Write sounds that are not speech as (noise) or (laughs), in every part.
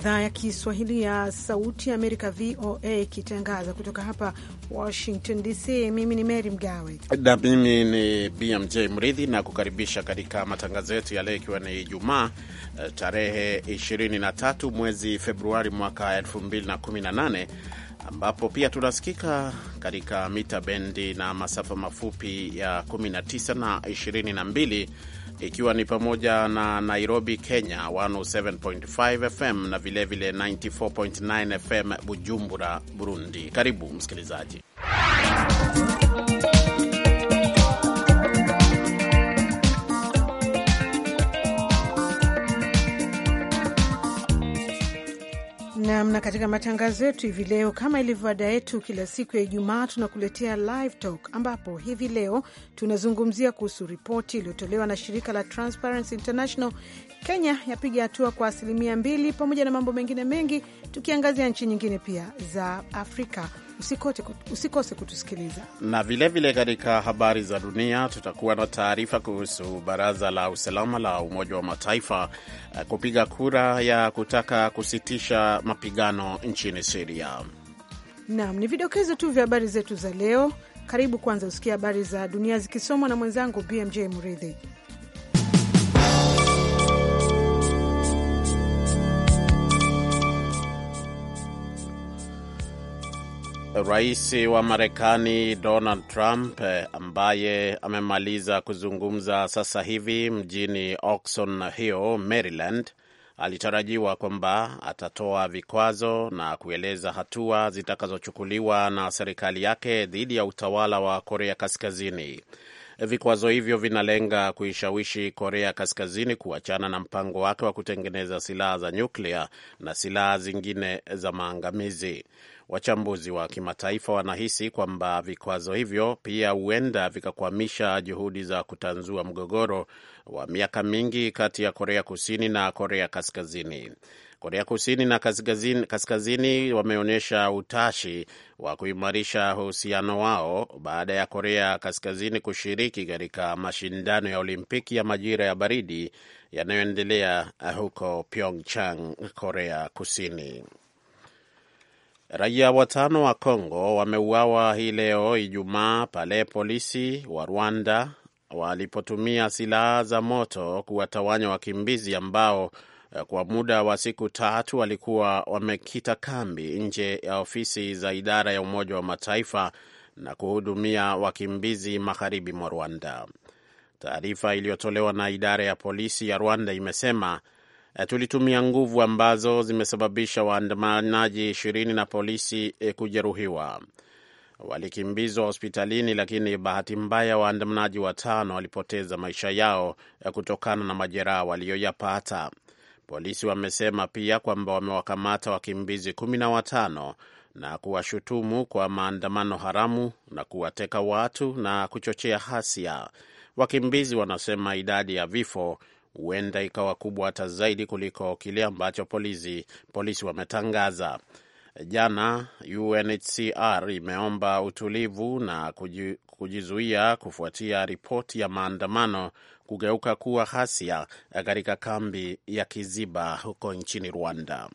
idhaa ya Kiswahili ya Sauti ya Amerika, VOA, ikitangaza kutoka hapa Washington DC. Mimi ni Mary Mgawe na mimi ni BMJ Mridhi, na kukaribisha katika matangazo yetu ya leo, ikiwa ni Ijumaa eh, tarehe 23 mwezi Februari mwaka 2018 ambapo pia tunasikika katika mita bendi na masafa mafupi ya 19 na 22 ikiwa ni pamoja na Nairobi, Kenya 107.5 FM na vilevile 94.9 FM Bujumbura, Burundi. Karibu msikilizaji Namna katika matangazo yetu hivi leo, kama ilivyo ada yetu kila siku ya Ijumaa, tunakuletea live talk, ambapo hivi leo tunazungumzia kuhusu ripoti iliyotolewa na shirika la Transparency International. Kenya yapiga hatua kwa asilimia mbili, pamoja na mambo mengine mengi, tukiangazia nchi nyingine pia za Afrika. Usikose, usikose kutusikiliza na vilevile, katika habari za dunia tutakuwa na taarifa kuhusu baraza la usalama la Umoja wa Mataifa eh, kupiga kura ya kutaka kusitisha mapigano nchini Siria. Naam, ni vidokezo tu vya habari zetu za leo. Karibu kwanza usikia habari za dunia zikisomwa na mwenzangu BMJ Mridhi. Rais wa Marekani Donald Trump eh, ambaye amemaliza kuzungumza sasa hivi mjini Oxon hio Maryland, alitarajiwa kwamba atatoa vikwazo na kueleza hatua zitakazochukuliwa na serikali yake dhidi ya utawala wa Korea Kaskazini. Vikwazo hivyo vinalenga kuishawishi Korea Kaskazini kuachana na mpango wake wa kutengeneza silaha za nyuklia na silaha zingine za maangamizi. Wachambuzi wa kimataifa wanahisi kwamba vikwazo hivyo pia huenda vikakwamisha juhudi za kutanzua mgogoro wa miaka mingi kati ya Korea Kusini na Korea Kaskazini. Korea Kusini na Kaskazini, Kaskazini wameonyesha utashi wa kuimarisha uhusiano wao baada ya Korea Kaskazini kushiriki katika mashindano ya Olimpiki ya majira ya baridi yanayoendelea huko Pyeongchang, Korea Kusini. Raia watano wa Kongo wameuawa hii leo Ijumaa pale polisi wa Rwanda walipotumia silaha za moto kuwatawanya wakimbizi ambao Eh, kwa muda wa siku tatu walikuwa wamekita kambi nje ya ofisi za idara ya Umoja wa Mataifa na kuhudumia wakimbizi magharibi mwa Rwanda. Taarifa iliyotolewa na idara ya polisi ya Rwanda imesema eh, tulitumia nguvu ambazo zimesababisha waandamanaji ishirini na polisi eh, kujeruhiwa. Walikimbizwa hospitalini, lakini bahati mbaya waandamanaji watano walipoteza maisha yao kutokana na majeraha waliyoyapata. Polisi wamesema pia kwamba wamewakamata wakimbizi kumi na watano na kuwashutumu kwa maandamano haramu na kuwateka watu na kuchochea hasia. Wakimbizi wanasema idadi ya vifo huenda ikawa kubwa hata zaidi kuliko kile ambacho polisi, polisi wametangaza. Jana UNHCR imeomba utulivu na kujizuia kufuatia ripoti ya maandamano kugeuka kuwa ghasia katika kambi ya Kiziba huko nchini Rwanda.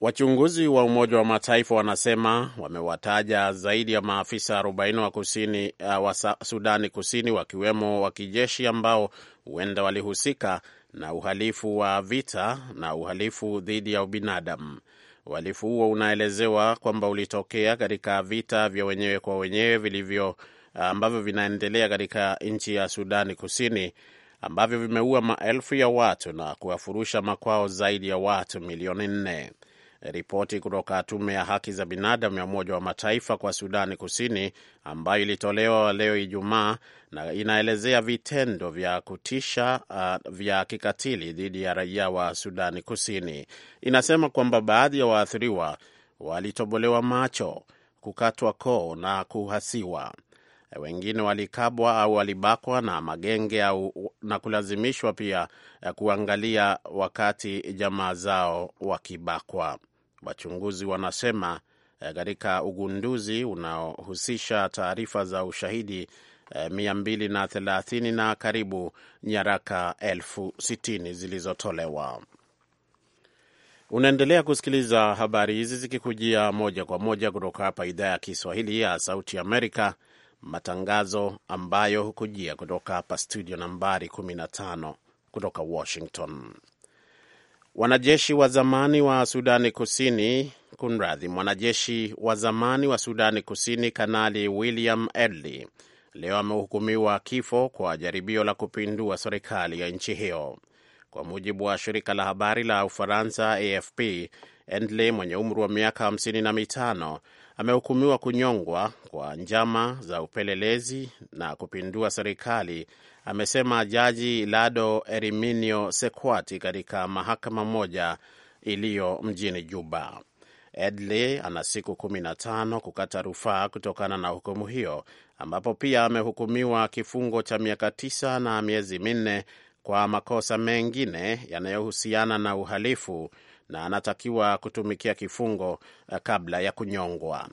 Wachunguzi wa Umoja wa Mataifa wanasema wamewataja zaidi ya maafisa 40 wa kusini, uh, wa Sudani Kusini, wakiwemo wa kijeshi ambao huenda walihusika na uhalifu wa vita na uhalifu dhidi ya ubinadamu. Uhalifu huo unaelezewa kwamba ulitokea katika vita vya wenyewe kwa wenyewe vilivyo ambavyo vinaendelea katika nchi ya Sudani Kusini ambavyo vimeua maelfu ya watu na kuwafurusha makwao zaidi ya watu milioni nne. Ripoti kutoka tume ya haki za binadamu ya Umoja wa Mataifa kwa Sudani Kusini ambayo ilitolewa leo Ijumaa na inaelezea vitendo vya kutisha uh, vya kikatili dhidi ya raia wa Sudani Kusini. Inasema kwamba baadhi ya waathiriwa walitobolewa macho, kukatwa koo na kuhasiwa wengine walikabwa au walibakwa na magenge au na kulazimishwa pia eh, kuangalia wakati jamaa zao wakibakwa. Wachunguzi wanasema eh, katika ugunduzi unaohusisha taarifa za ushahidi eh, mia mbili na thelathini na karibu nyaraka elfu sitini zilizotolewa. Unaendelea kusikiliza habari hizi zikikujia moja kwa moja kutoka hapa idhaa ya Kiswahili ya Sauti Amerika matangazo ambayo hukujia kutoka hapa studio nambari 15 kutoka Washington. Wanajeshi wa zamani wa Sudani Kusini, kunradhi, mwanajeshi wa zamani wa Sudani Kusini Kanali William Edley leo amehukumiwa kifo kwa jaribio la kupindua serikali ya nchi hiyo, kwa mujibu wa shirika la habari la Ufaransa AFP. Endley mwenye umri wa miaka hamsini na mitano amehukumiwa kunyongwa kwa njama za upelelezi na kupindua serikali, amesema Jaji Lado Eriminio Sekwati katika mahakama moja iliyo mjini Juba. Edley ana siku kumi na tano kukata rufaa kutokana na hukumu hiyo, ambapo pia amehukumiwa kifungo cha miaka tisa na miezi minne kwa makosa mengine yanayohusiana na uhalifu na anatakiwa kutumikia kifungo eh, kabla ya kunyongwa.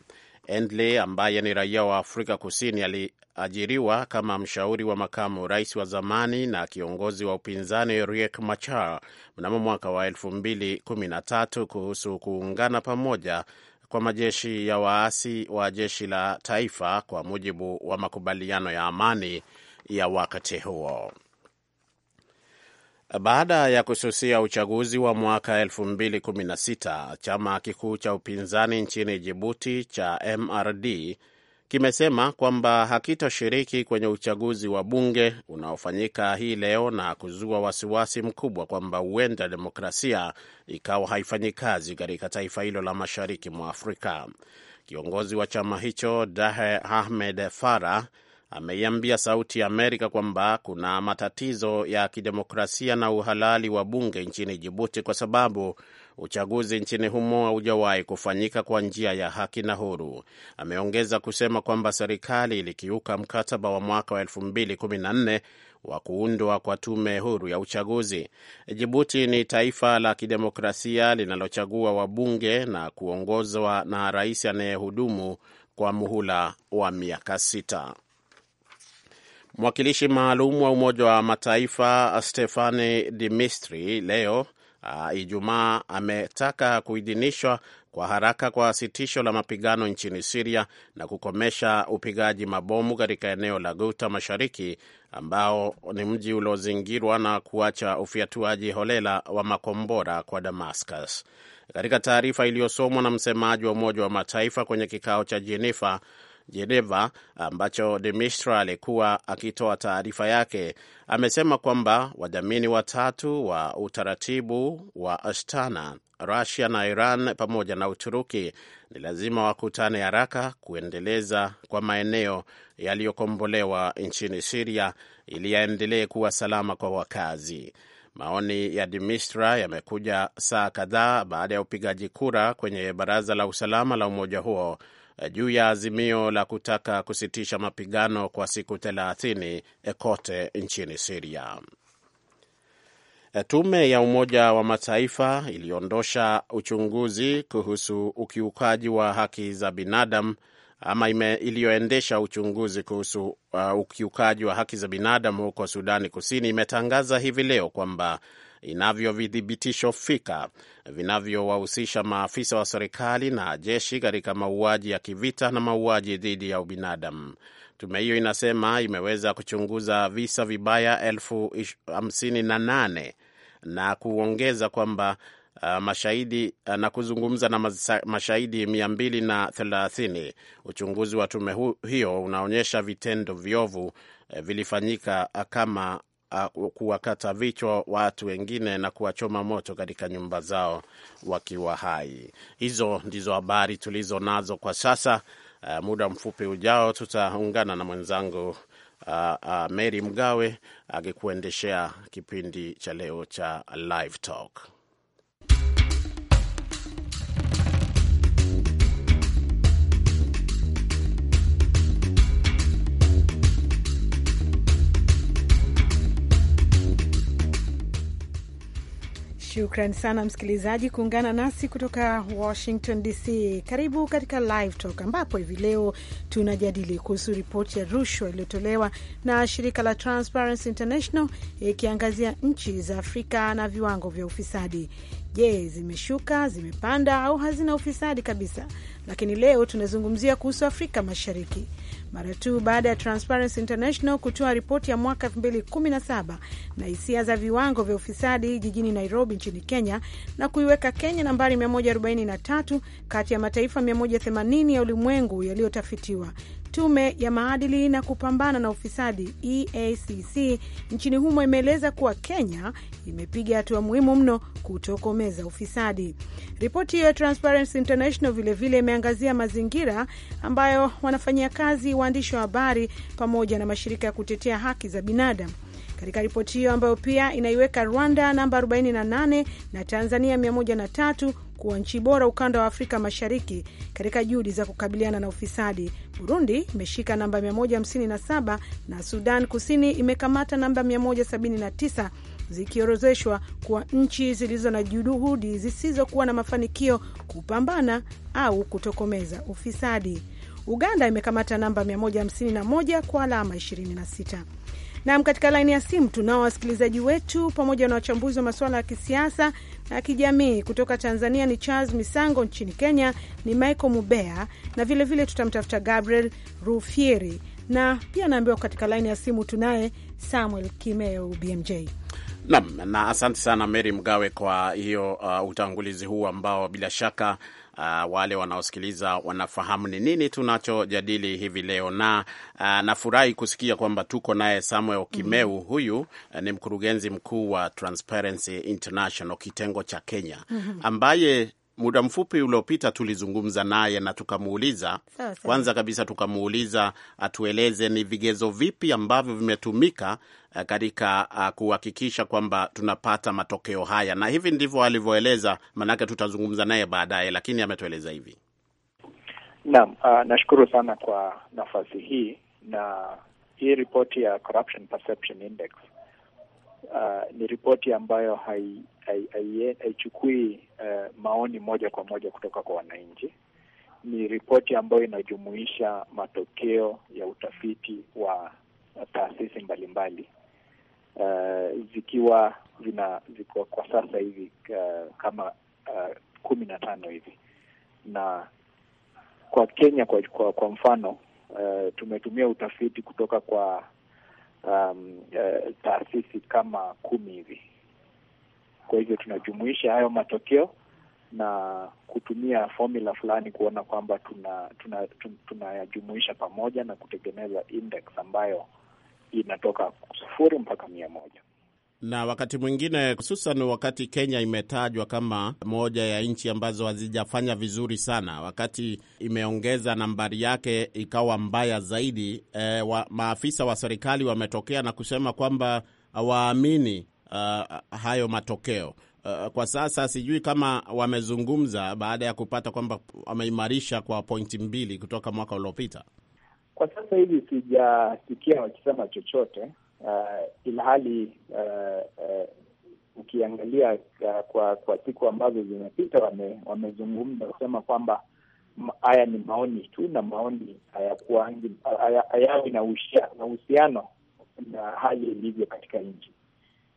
Endley ambaye ni raia wa Afrika Kusini aliajiriwa kama mshauri wa makamu rais wa zamani na kiongozi wa upinzani Riek Machar mnamo mwaka wa 2013 kuhusu kuungana pamoja kwa majeshi ya waasi wa jeshi la taifa kwa mujibu wa makubaliano ya amani ya wakati huo. Baada ya kususia uchaguzi wa mwaka 2016 chama kikuu cha upinzani nchini Jibuti cha MRD kimesema kwamba hakitoshiriki kwenye uchaguzi wa bunge unaofanyika hii leo na kuzua wasiwasi mkubwa kwamba huenda demokrasia ikawa haifanyi kazi katika taifa hilo la mashariki mwa Afrika. Kiongozi wa chama hicho Dahe Ahmed Farah ameiambia Sauti ya Amerika kwamba kuna matatizo ya kidemokrasia na uhalali wa bunge nchini Jibuti kwa sababu uchaguzi nchini humo haujawahi kufanyika kwa njia ya haki na huru. Ameongeza kusema kwamba serikali ilikiuka mkataba wa mwaka wa 2014 wa kuundwa kwa tume huru ya uchaguzi. Jibuti ni taifa la kidemokrasia linalochagua wabunge na kuongozwa na rais anayehudumu kwa muhula wa miaka sita. Mwakilishi maalum wa Umoja wa Mataifa Stefani Dimistri leo uh, Ijumaa ametaka kuidhinishwa kwa haraka kwa sitisho la mapigano nchini Siria na kukomesha upigaji mabomu katika eneo la Guta Mashariki, ambao ni mji uliozingirwa na kuacha ufiatuaji holela wa makombora kwa Damascus. Katika taarifa iliyosomwa na msemaji wa Umoja wa Mataifa kwenye kikao cha Jenifa, Geneva ambacho Demistra alikuwa akitoa taarifa yake, amesema kwamba wadhamini watatu wa utaratibu wa Astana, Rusia na Iran pamoja na Uturuki ni lazima wakutane haraka kuendeleza kwa maeneo yaliyokombolewa nchini Siria ili yaendelee kuwa salama kwa wakazi. Maoni ya Dimistra yamekuja saa kadhaa baada ya upigaji kura kwenye baraza la usalama la umoja huo juu ya azimio la kutaka kusitisha mapigano kwa siku thelathini eh, kote nchini Siria. Eh, tume ya Umoja wa Mataifa iliondosha uchunguzi kuhusu ukiukaji wa haki za binadamu ama iliyoendesha uchunguzi kuhusu uh, ukiukaji wa haki za binadamu huko Sudani Kusini imetangaza hivi leo kwamba inavyo vithibitisho fika vinavyowahusisha maafisa wa serikali na jeshi katika mauaji ya kivita na mauaji dhidi ya ubinadamu. Tume hiyo inasema imeweza kuchunguza visa vibaya elfu hamsini na nane na kuongeza kwamba Uh, mashahidi uh, na kuzungumza na mashahidi mia mbili na thelathini. Uchunguzi wa tume hiyo unaonyesha vitendo viovu uh, vilifanyika uh, kama Uh, kuwakata vichwa watu wengine na kuwachoma moto katika nyumba zao wakiwa hai. Hizo ndizo habari tulizo nazo kwa sasa. Uh, muda mfupi ujao tutaungana na mwenzangu Uh, uh, Mary Mgawe akikuendeshea uh, kipindi cha leo cha Live Talk. Shukran sana msikilizaji kuungana nasi kutoka Washington DC. Karibu katika Live Talk ambapo hivi leo tunajadili kuhusu ripoti ya rushwa iliyotolewa na shirika la Transparency International ikiangazia nchi za Afrika na viwango vya ufisadi. Je, zimeshuka, zimepanda au hazina ufisadi kabisa? lakini leo tunazungumzia kuhusu Afrika Mashariki. Mara tu baada ya Transparency International kutoa ripoti ya mwaka 2017 na hisia za viwango vya ufisadi jijini Nairobi nchini Kenya na kuiweka Kenya nambari 143 kati ya mataifa 180 ya ulimwengu yaliyotafitiwa Tume ya maadili na kupambana na ufisadi EACC nchini humo imeeleza kuwa Kenya imepiga hatua muhimu mno kutokomeza ufisadi. Ripoti hiyo ya Transparency International vilevile imeangazia mazingira ambayo wanafanyia kazi waandishi wa habari pamoja na mashirika ya kutetea haki za binadamu katika ripoti hiyo ambayo pia inaiweka Rwanda namba 48 na Tanzania 103 kuwa nchi bora ukanda wa Afrika Mashariki katika juhudi za kukabiliana na ufisadi. Burundi imeshika namba 157 na Sudan Kusini imekamata namba 179 zikiorozeshwa kuwa nchi zilizo na juhudi zisizokuwa na mafanikio kupambana au kutokomeza ufisadi. Uganda imekamata namba 151 kwa alama 26. Nam, katika laini ya simu tunao wasikilizaji wetu pamoja na wachambuzi wa masuala ya kisiasa na kijamii. Kutoka Tanzania ni Charles Misango, nchini Kenya ni Michael Mubea, na vilevile tutamtafuta Gabriel Rufieri, na pia naambiwa katika laini ya simu tunaye Samuel Kimeu BMJ. Nam, na asante sana Mary Mgawe kwa hiyo uh, utangulizi huu ambao bila shaka uh, wale wanaosikiliza wanafahamu ni nini tunachojadili hivi leo, na uh, nafurahi kusikia kwamba tuko naye Samuel Kimeu. mm -hmm. Huyu uh, ni mkurugenzi mkuu wa Transparency International kitengo cha Kenya, mm -hmm. ambaye muda mfupi uliopita tulizungumza naye na tukamuuliza so, Kwanza kabisa tukamuuliza atueleze ni vigezo vipi ambavyo vimetumika eh, katika ah, kuhakikisha kwamba tunapata matokeo haya, na hivi ndivyo alivyoeleza. Maanake tutazungumza naye baadaye, lakini ametueleza hivi. Naam, uh, nashukuru sana kwa nafasi hii na hii ripoti ya Corruption Perception Index uh, ni ripoti ambayo haichukui hai, hai, hai uh, maoni moja kwa moja kutoka kwa wananchi. Ni ripoti ambayo inajumuisha matokeo ya utafiti wa taasisi mbalimbali uh, zikiwa zina ziko kwa sasa hivi uh, kama uh, kumi na tano hivi na kwa Kenya kwa, kwa, kwa mfano uh, tumetumia utafiti kutoka kwa um, uh, taasisi kama kumi hivi. Kwa hivyo tunajumuisha hayo matokeo na kutumia formula fulani kuona kwamba tunayajumuisha tuna, tuna, tuna pamoja na kutengeneza index ambayo inatoka sufuri mpaka mia moja na wakati mwingine, hususan wakati Kenya imetajwa kama moja ya nchi ambazo hazijafanya vizuri sana, wakati imeongeza nambari yake ikawa mbaya zaidi. E, wa, maafisa wa serikali wametokea na kusema kwamba hawaamini uh, hayo matokeo. Uh, kwa sasa sijui kama wamezungumza baada ya kupata kwamba wameimarisha kwa pointi mbili kutoka mwaka uliopita. Kwa sasa hivi sijasikia wakisema chochote uh, ilhali uh, uh, ukiangalia uh, kwa kwa siku ambazo zimepita wamezungumza wame kusema kwamba haya ni maoni tu na maoni hayakuangi hayawi na uhusiano na hali ilivyo katika nchi,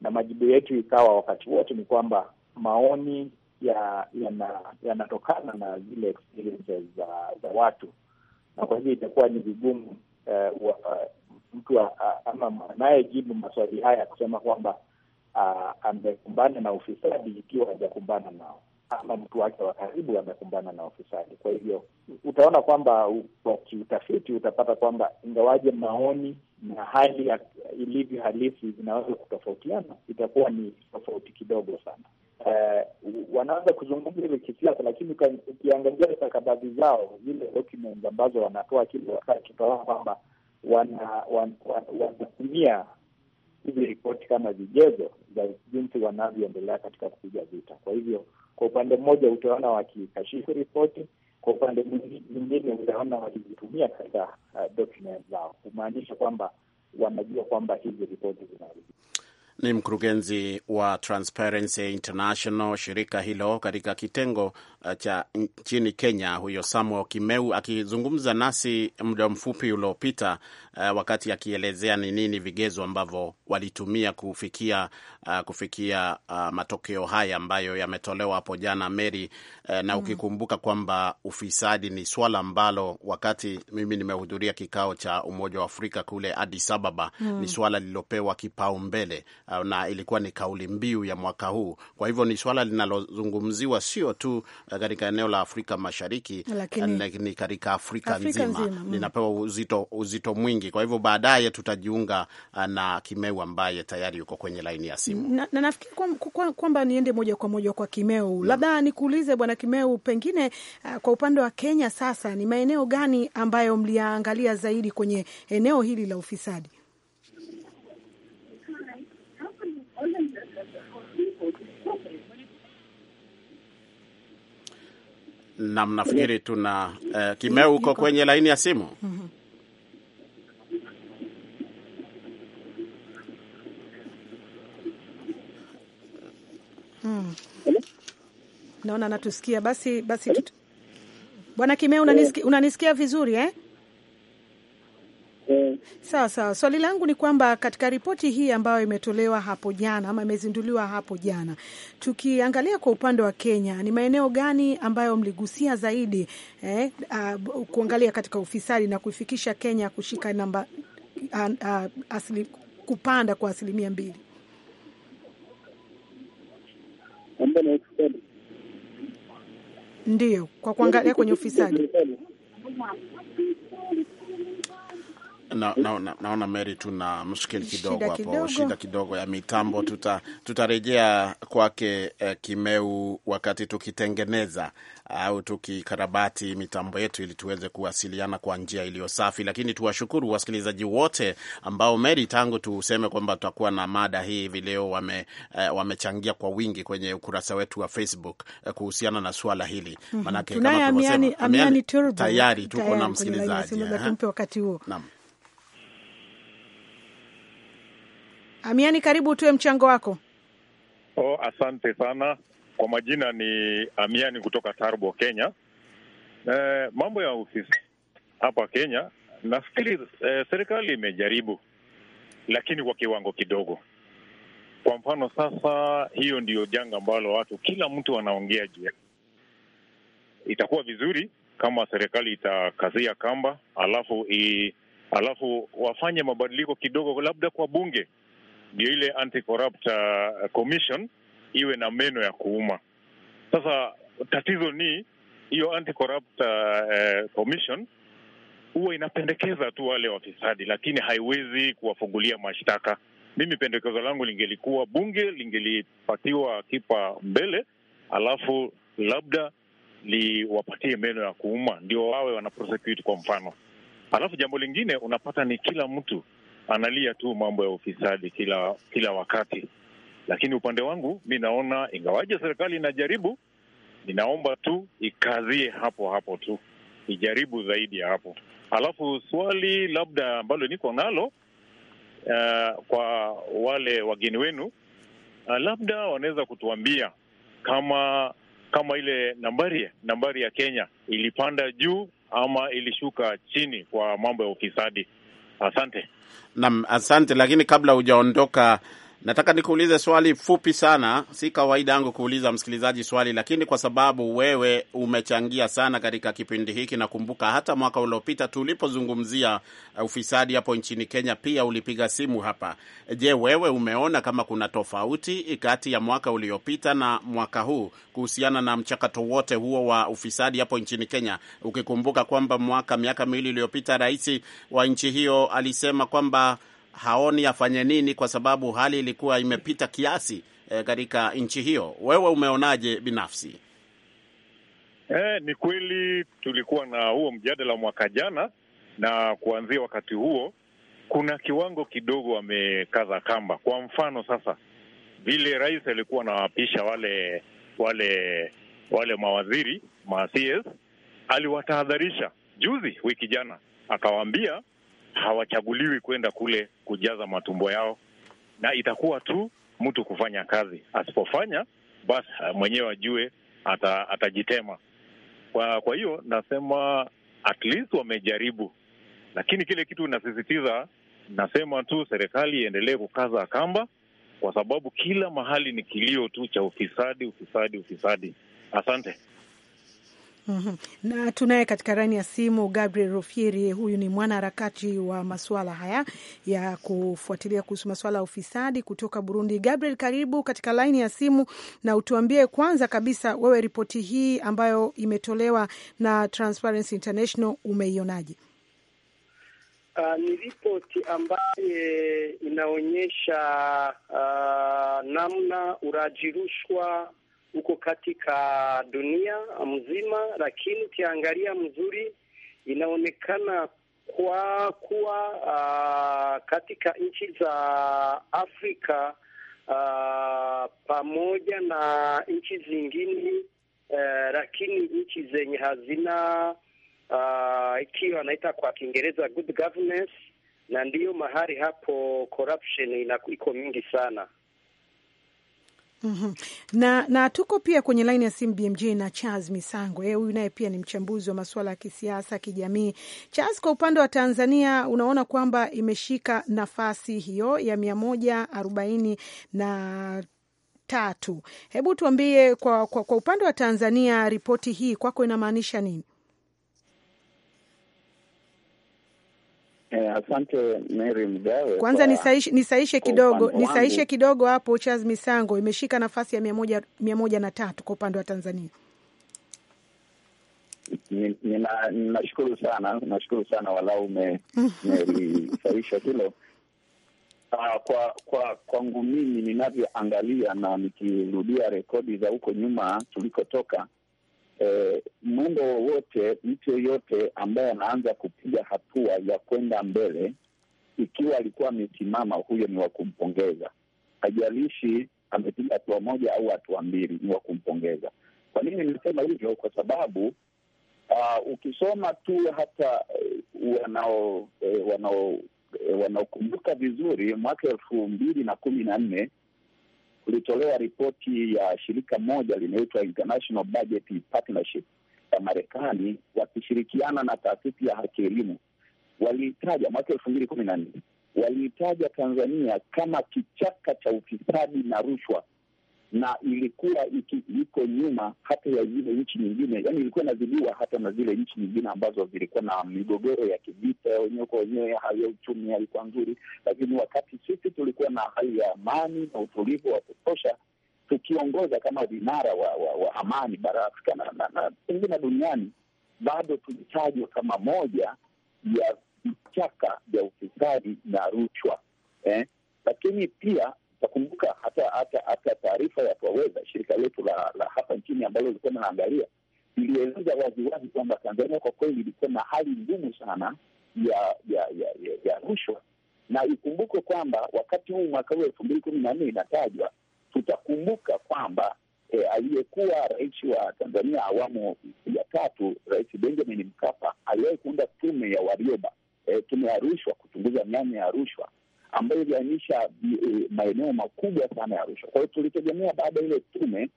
na majibu yetu ikawa wakati wote ni kwamba maoni yanatokana ya na, ya na zile experiences za, za watu, na kwa hivyo itakuwa ni vigumu uh, mtu ama anayejibu maswali haya kusema kwamba amekumbana na ufisadi ikiwa hajakumbana nao ama mtu wake wa karibu amekumbana na ufisadi. Kwa hivyo utaona kwamba kwa kiutafiti utapata kwamba ingawaje maoni na hali ya ilivyo halisi zinaweza kutofautiana, itakuwa ni tofauti kidogo sana. Uh, wanaweza kuzungumza ile kisiasa, lakini ukiangalia stakabadhi zao, zile ambazo wanatoa kila wakati, utaona kwamba wanatumia hizi ripoti kama vigezo za jinsi wanavyoendelea katika kupiga vita. Kwa hivyo, kwa upande mmoja utaona wakikashifu ripoti, kwa upande mwingine utaona wakizitumia katika uh, documents zao, kumaanisha kwamba wanajua kwamba hizi ripoti zina ni mkurugenzi wa Transparency International, shirika hilo katika kitengo uh, cha nchini Kenya. Huyo Samuel Kimeu akizungumza nasi muda mfupi uliopita, uh, wakati akielezea ni nini vigezo ambavyo walitumia kufikia, uh, kufikia matokeo haya ambayo yametolewa hapo jana Meri, na mm. ukikumbuka kwamba ufisadi ni swala ambalo wakati mimi nimehudhuria kikao cha Umoja wa Afrika kule Addis Ababa, mm. ni swala lililopewa kipaumbele na ilikuwa ni kauli mbiu ya mwaka huu. Kwa hivyo ni swala linalozungumziwa sio tu eh, katika eneo la Afrika Mashariki, lakini eh, katika Afrika, Afrika nzima, nzima. Mm. Linapewa uzito, uzito mwingi. Kwa hivyo baadaye tutajiunga eh, na Kimeu ambaye tayari yuko kwenye laini ya simu na, na nafikiri kwamba kwa, kwa, niende moja kwa moja kwa Kimeu, labda nikuulize Bwana Kimeu, pengine uh, kwa upande wa Kenya sasa ni maeneo gani ambayo mliyaangalia zaidi kwenye eneo hili la ufisadi? na mnafikiri tuna uh, eh, Kimeu uko kwenye laini ya simu -hmm. Naona natusikia basi basi, tut... Bwana Kimeu unanisikia, unanisikia vizuri eh? Sawa sawa. Swali langu ni kwamba katika ripoti hii ambayo imetolewa hapo jana ama imezinduliwa hapo jana, tukiangalia kwa upande wa Kenya, ni maeneo gani ambayo mligusia zaidi eh, uh, kuangalia katika ufisadi na kuifikisha Kenya kushika namba uh, uh, asili, kupanda kwa asilimia mbili? Ndiyo, kwa kuangalia kwenye ufisadi naona na, na, na Mary tuna mshkili kidogo hapo, shida kidogo ya mitambo. Tuta, tutarejea kwake eh, Kimeu wakati tukitengeneza au tukikarabati mitambo yetu ili tuweze kuwasiliana kwa njia iliyo safi. Lakini tuwashukuru wasikilizaji wote ambao Meri, tangu tuseme kwamba tutakuwa na mada hii hivi leo, wame, eh, wamechangia kwa wingi kwenye ukurasa wetu wa Facebook eh, kuhusiana na suala hili maanake, mhm. mm -hmm. kama tunavyosema tayari tuko na msikilizaji eh, eh? wakati huo Naam. Amiani, karibu utoe mchango wako. Oh, asante sana kwa majina ni Amiani kutoka Tarbo, Kenya. Eh, mambo ya ofisi hapa Kenya nafikiri eh, serikali imejaribu lakini kwa kiwango kidogo. Kwa mfano sasa, hiyo ndiyo janga ambalo watu kila mtu anaongea juu. Itakuwa vizuri kama serikali itakazia kamba, alafu i, alafu wafanye mabadiliko kidogo, labda kwa bunge ndio ile anti-corrupt uh, commission iwe na meno ya kuuma. Sasa tatizo ni hiyo anti-corrupt uh, commission huwa inapendekeza tu wale wafisadi, lakini haiwezi kuwafungulia mashtaka. Mimi pendekezo langu lingelikuwa bunge lingelipatiwa kipa mbele, alafu labda liwapatie meno ya kuuma, ndio wawe wana prosecute kwa mfano. Alafu jambo lingine unapata ni kila mtu analia tu mambo ya ufisadi kila kila wakati. Lakini upande wangu mi naona ingawaje serikali inajaribu, ninaomba tu ikazie hapo hapo tu, ijaribu zaidi ya hapo. Alafu swali labda ambalo niko nalo uh, kwa wale wageni wenu uh, labda wanaweza kutuambia kama kama ile nambari nambari ya Kenya ilipanda juu ama ilishuka chini kwa mambo ya ufisadi. Asante. Naam, asante. Lakini kabla hujaondoka Nataka nikuulize swali fupi sana. Si kawaida yangu kuuliza msikilizaji swali, lakini kwa sababu wewe umechangia sana katika kipindi hiki, nakumbuka hata mwaka uliopita tulipozungumzia ufisadi hapo nchini Kenya, pia ulipiga simu hapa. Je, wewe umeona kama kuna tofauti kati ya mwaka uliopita na mwaka huu kuhusiana na mchakato wote huo wa ufisadi hapo nchini Kenya, ukikumbuka kwamba mwaka miaka miwili iliyopita rais wa nchi hiyo alisema kwamba haoni afanye nini, kwa sababu hali ilikuwa imepita kiasi eh, katika nchi hiyo. Wewe umeonaje binafsi? Eh, ni kweli tulikuwa na huo mjadala mwaka jana, na kuanzia wakati huo kuna kiwango kidogo wamekaza kamba. Kwa mfano sasa, vile rais alikuwa anawapisha wale wale wale mawaziri ma CS aliwatahadharisha juzi, wiki jana, akawaambia hawachaguliwi kwenda kule kujaza matumbo yao, na itakuwa tu mtu kufanya kazi. Asipofanya basi ah, mwenyewe ajue ata, atajitema. Kwa, kwa hiyo nasema at least wamejaribu, lakini kile kitu nasisitiza, nasema tu serikali iendelee kukaza kamba, kwa sababu kila mahali ni kilio tu cha ufisadi, ufisadi, ufisadi. Asante. Mm-hmm. Na tunaye katika laini ya simu Gabriel rofieri huyu ni mwanaharakati wa masuala haya ya kufuatilia kuhusu masuala ya ufisadi kutoka Burundi. Gabriel, karibu katika laini ya simu, na utuambie kwanza kabisa wewe ripoti hii ambayo imetolewa na Transparency International umeionaje? Uh, ni ripoti ambaye inaonyesha uh, namna uraji rushwa uko katika dunia mzima, lakini ukiangalia mzuri inaonekana kwa kuwa uh, katika nchi za Afrika uh, pamoja na nchi zingine uh, lakini nchi zenye hazina uh, ikiwa anaita kwa Kiingereza good governance, na ndiyo mahali hapo corruption iko mingi sana. Mm -hmm. Na, na tuko pia kwenye laini ya simu BMJ na Charles Misangwe, eh, huyu naye pia ni mchambuzi wa masuala ya kisiasa kijamii. Charles, kwa upande wa Tanzania unaona kwamba imeshika nafasi hiyo ya mia moja arobaini na tatu. Hebu tuambie kwa, kwa, kwa upande wa Tanzania ripoti hii kwako inamaanisha nini? Eh, asante Mary Mgawe. Kwanza nisaishe, nisaishe kidogo nisaishe kidogo hapo. Charles Misango imeshika nafasi ya mia moja mia moja na tatu kwa upande wa Tanzania. Ninashukuru sana nashukuru sana walau umelisaisha (laughs) hilo. Uh, kwa kwa kwangu mimi ninavyoangalia na nikirudia rekodi za huko nyuma tulikotoka eh, mwendo wowote, mtu yoyote ambaye anaanza kupiga hatua ya kwenda mbele, ikiwa alikuwa amesimama, huyo ni wa kumpongeza. Hajalishi amepiga hatua moja au hatua mbili, ni wa kumpongeza. Kwa nini nimesema hivyo? Kwa sababu Uh, ukisoma tu hata uh, wanao uh, wanaokumbuka uh, wanao vizuri mwaka elfu mbili na kumi na nne kulitolewa ripoti ya shirika moja linaitwa International Budget Partnership ya Marekani, wakishirikiana na taasisi ya haki elimu, walitaja mwaka elfu mbili kumi na nne waliitaja Tanzania kama kichaka cha ufisadi na rushwa na ilikuwa iki, iko nyuma hata ya zile nchi nyingine, yani ilikuwa inazidiwa hata na zile nchi nyingine ambazo zilikuwa na migogoro ya kivita wenyewe kwa wenyewe. Hali ya uchumi haikuwa nzuri, lakini wakati sisi tulikuwa na hali ya amani na utulivu wa kutosha, tukiongoza kama vinara wa, wa, wa amani bara Afrika na pengine duniani, bado tulitajwa kama moja ya vichaka vya ufisadi na rushwa eh? Lakini pia Nakumbuka hata hata hata taarifa ya Twaweza, shirika letu la, la hapa nchini ambalo ilikuwa naangalia, ilieleza waziwazi kwamba Tanzania kwa kweli ilikuwa na hali ngumu sana ya ya ya, ya, ya rushwa, na ikumbukwe kwamba wakati huu mwaka huu elfu mbili kumi na nne inatajwa, tutakumbuka kwamba E, aliyekuwa rais wa Tanzania awamu ya tatu, Rais Benjamin Mkapa aliwahi kuunda tume ya Warioba, e, tume ya rushwa kuchunguza mianya ya rushwa, ambayo iliainisha eh, maeneo makubwa sana ya rushwa. Kwa hiyo tulitegemea baada ile tume,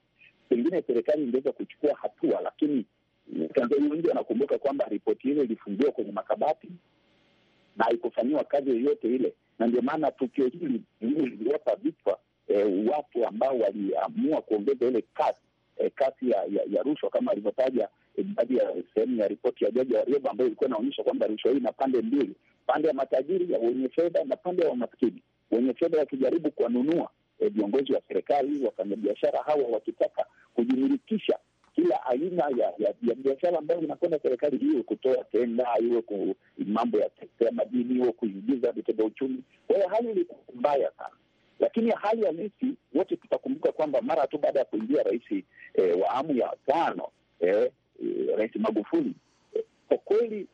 pengine serikali ingeweza kuchukua hatua, lakini eh, Tanzania wengi wanakumbuka kwamba ripoti ile ilifungiwa kwenye makabati na haikufanyiwa kazi yoyote ile, na ndio maana tukio hili liliwapa vichwa e, watu ambao waliamua kuongeza ile kasi e, kasi ya, ya, ya rushwa kama alivyotaja baadhi ya sehemu ya ripoti ya jaji Rioba ambayo ilikuwa inaonyesha kwamba rushwa hii ina pande mbili pande ya matajiri ya wenye fedha na pande ya wamaskini. Wenye fedha wakijaribu kuwanunua eh, viongozi wa serikali, wafanyabiashara hawa wakitaka kujimilikisha kila aina ya, ya, ya biashara ambayo inakwenda serikali, iwe kutoa tenda, iwe mambo ya sekta ya madini, iwe kuingiza vya uchumi. Kwa hiyo hali ilikuwa mbaya sana, lakini hali halisi, wote tutakumbuka kwamba mara tu baada ya kuingia rais eh, wa awamu ya tano eh, eh, Rais Magufuli eh, kwa kweli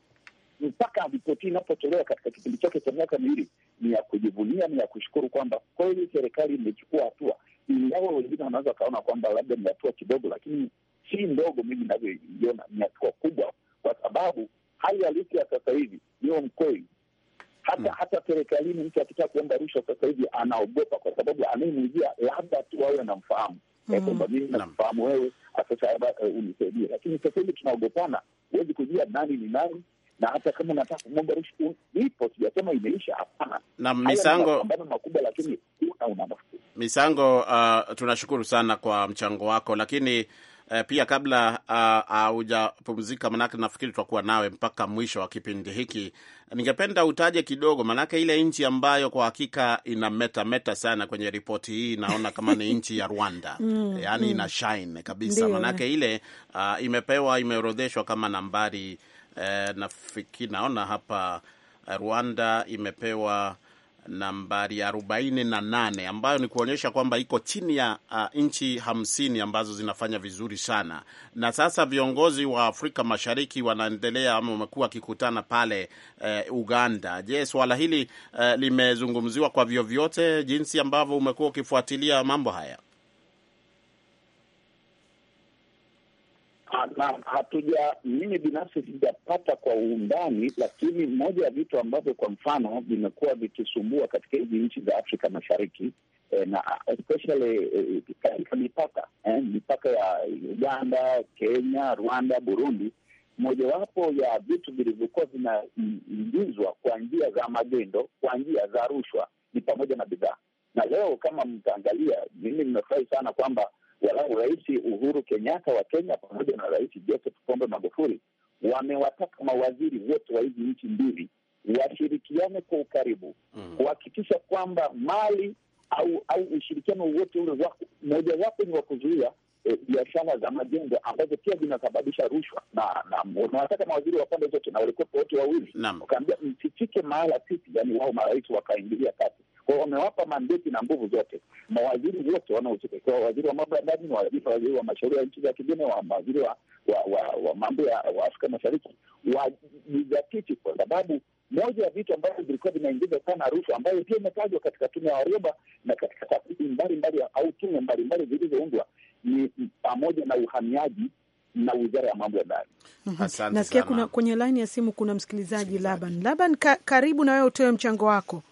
mpaka ripoti inapotolewa katika kipindi chake cha miaka miwili ni ya kujivunia, ni ya kushukuru kwamba kweli serikali imechukua hatua, ingawa wengine wanaweza wakaona kwamba labda ni hatua kidogo, lakini si ndogo. Mimi inavyoiona ni hatua kubwa, kwa sababu hali halisi ya sasa hivi niyo mkweli hata hmm, hata serikalini mtu akitaka kuomba rushwa sasa hivi anaogopa, kwa sababu anayemwingia labda tu wawe anamfahamu hmm. kwamba mimi namfahamu wewe, sasa eh, unisaidie. Lakini sasa hivi tunaogopana, huwezi kujua nani ni nani, na hata kama unataka kumwaga rushwa ipo, sijasema imeisha, hapana. Na misango makubwa, lakini una misango. Uh, tunashukuru sana kwa mchango wako, lakini uh, pia kabla uh, haujapumzika, uh, uh, manake nafikiri tutakuwa nawe mpaka mwisho wa kipindi hiki. Ningependa utaje kidogo, manake ile nchi ambayo kwa hakika ina meta meta sana kwenye ripoti hii naona kama ni nchi ya Rwanda (laughs) mm, yaani mm, ina shine kabisa, manake ile uh, imepewa imeorodheshwa kama nambari eh, nafiki naona hapa eh, Rwanda imepewa nambari arobaini na nane ambayo ni kuonyesha kwamba iko chini ya uh, nchi hamsini ambazo zinafanya vizuri sana. Na sasa viongozi wa Afrika Mashariki wanaendelea ama wamekuwa wakikutana pale uh, Uganda. Je, swala hili uh, limezungumziwa kwa vyovyote, jinsi ambavyo umekuwa ukifuatilia mambo haya? na hatuja, mimi binafsi sijapata kwa uundani, lakini moja ya vitu ambavyo kwa mfano vimekuwa vikisumbua katika hizi nchi za Afrika Mashariki eh, na especially eh, katika mipaka eh, mipaka ya Uganda, Kenya, Rwanda, Burundi, mojawapo ya vitu vilivyokuwa vinaingizwa kwa njia za magendo, kwa njia za rushwa ni pamoja na bidhaa. Na leo kama mtaangalia, mimi nimefurahi sana kwamba walau Rais Uhuru Kenyatta wa Kenya pamoja na Rais Joseph Pombe Magufuli wamewataka mawaziri wote wa hizi nchi mbili washirikiane kwa ukaribu mm. kuhakikisha kwamba mali au au ushirikiano wote ule, mojawapo ni wa kuzuia Eh, biashara e, za majengo ambazo pia zinasababisha rushwa, na unawataka mawaziri wa pande zote, na walikuwepo wote wawili, wakaambia msifike mahala sisi, yani wao marais wakaingilia kati kwao, wamewapa mandeti na nguvu zote mawaziri wote wanaohusika, kwa waziri wa mambo ya ndani, waziri wa mashauri ya nchi za kigeni, waziri wa mambo ya Afrika Mashariki, wajizatiti kwa sababu moja ya vitu ambavyo vilikuwa vinaingiza sana rushwa, ambayo pia imetajwa katika tume ya Warioba na katika taasisi mbalimbali au tume mbalimbali zilizoundwa, ni pamoja na uhamiaji na wizara ya mambo ya ndani. Mhm. Nasikia kuna kwenye laini ya simu kuna msikilizaji Laban. Laban, ka, karibu na wewe utoe mchango wako.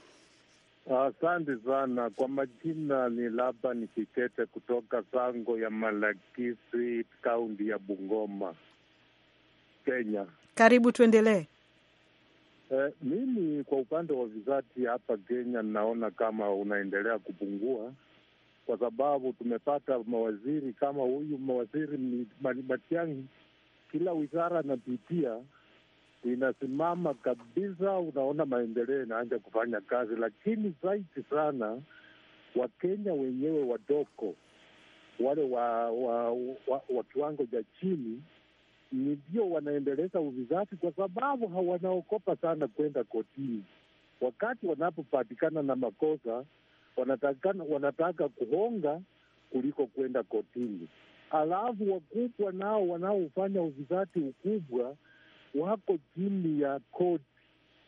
Asante sana kwa majina, ni ni Kitete kutoka Sango ya Malakisi, kaunti ya Bungoma, Kenya. Karibu, tuendelee. Eh, mimi kwa upande wa vizati hapa Kenya naona kama unaendelea kupungua, kwa sababu tumepata mawaziri kama huyu mawaziri Matiang'i, kila wizara anapitia inasimama kabisa, unaona maendeleo inaanja kufanya kazi, lakini zaidi sana Wakenya wenyewe wadogo wale wa, wa, wa, wa kiwango cha chini ndio wanaendeleza uvizazi, kwa sababu hawanaokopa sana kwenda kotini. Wakati wanapopatikana na makosa wanataka, wanataka kuhonga kuliko kwenda kotini. Alafu wakubwa nao wanaofanya uvizazi ukubwa wako chini ya koti,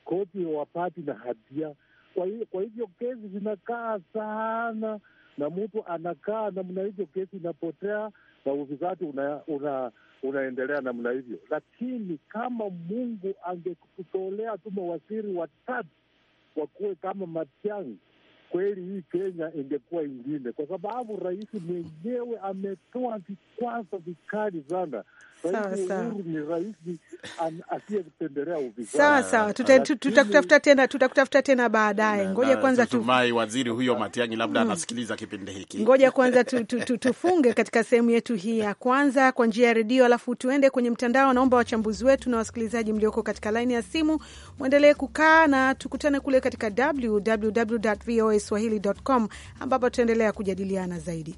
koti hawapati na hatia. Kwa kwa hivyo kesi zinakaa sana na mtu anakaa namna hivyo kesi inapotea na uvizazi una, una unaendelea namna hivyo. Lakini kama Mungu angekutolea tu mawaziri watatu wakuwe kama Matiang'i, kweli hii Kenya ingekuwa ingine, kwa sababu rais mwenyewe ametoa vikwazo vikali sana Sawa sawa, tutakutafuta tena, tutakutafuta tena baadaye. Ngoja kwanza tumai waziri huyo Matiang'i labda hmm. anasikiliza kipindi hiki. Ngoja kwanza tufunge katika sehemu yetu hii ya kwanza kwa njia ya redio, alafu tuende kwenye mtandao. Naomba wachambuzi wetu na wasikilizaji mlioko katika laini ya simu mwendelee kukaa na tukutane kule katika www.voaswahili.com ambapo tutaendelea kujadiliana zaidi.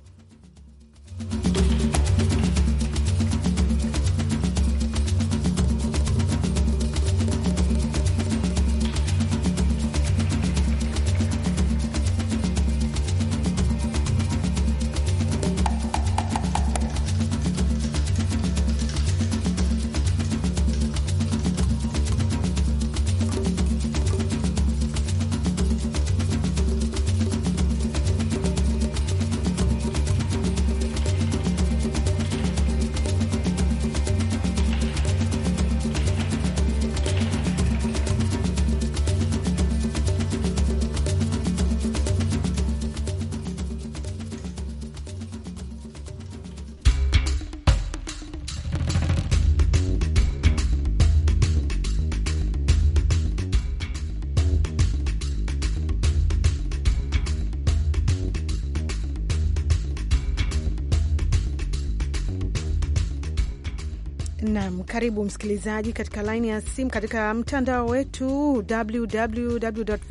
Naam, karibu msikilizaji katika laini ya simu katika mtandao wetu www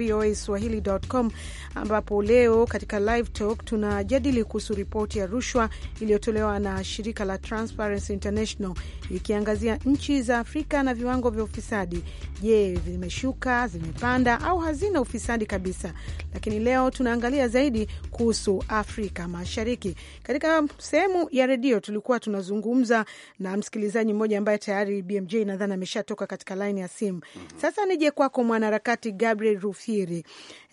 voa swahili.com, ambapo leo katika live talk tunajadili kuhusu ripoti ya rushwa iliyotolewa na shirika la Transparency International ikiangazia nchi za Afrika na viwango vya ufisadi. Je, vimeshuka, zimepanda au hazina ufisadi kabisa? Lakini leo tunaangalia zaidi kuhusu Afrika Mashariki. Katika sehemu ya redio tulikuwa tunazungumza na msikilizaji mmoja ambaye tayari BMJ nadhani ameshatoka katika laini ya simu. Mhm. Sasa nije kwako mwanaharakati Gabriel Rufiri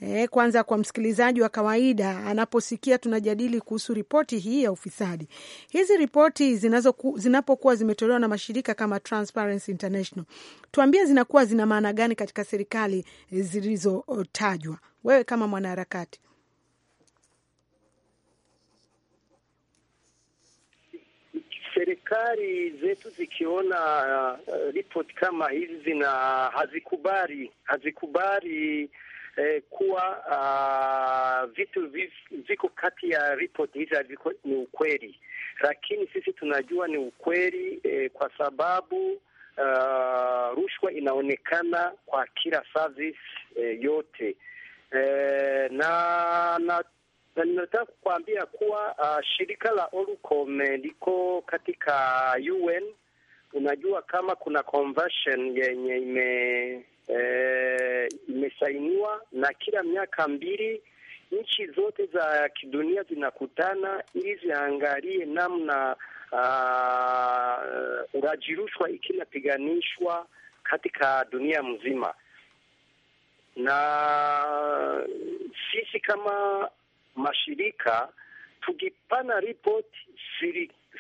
eh, kwanza kwa msikilizaji wa kawaida anaposikia tunajadili kuhusu ripoti hii ya ufisadi, hizi ripoti zinapokuwa zimetolewa na mashirika kama Transparency International, tuambie zinakuwa zina maana gani katika serikali eh, zilizotajwa, wewe kama mwanaharakati? Serikali zetu zikiona uh, uh ripoti kama hizi zina hazikubali hazikubali eh, kuwa uh, vitu viko kati ya ripoti hizi haviko ni ukweli, lakini sisi tunajua ni ukweli eh, kwa sababu uh, rushwa inaonekana kwa kila service eh, yote eh, na na ninataka kuwa uh, shirika la Orucom eh, liko katika UN. Unajua kama kuna convention yenye ime Eh, imesainiwa e, na kila miaka mbili nchi zote za kidunia zinakutana ili ziangalie namna uh, uraji rushwa ikinapiganishwa katika dunia mzima, na sisi kama mashirika tukipana ripoti,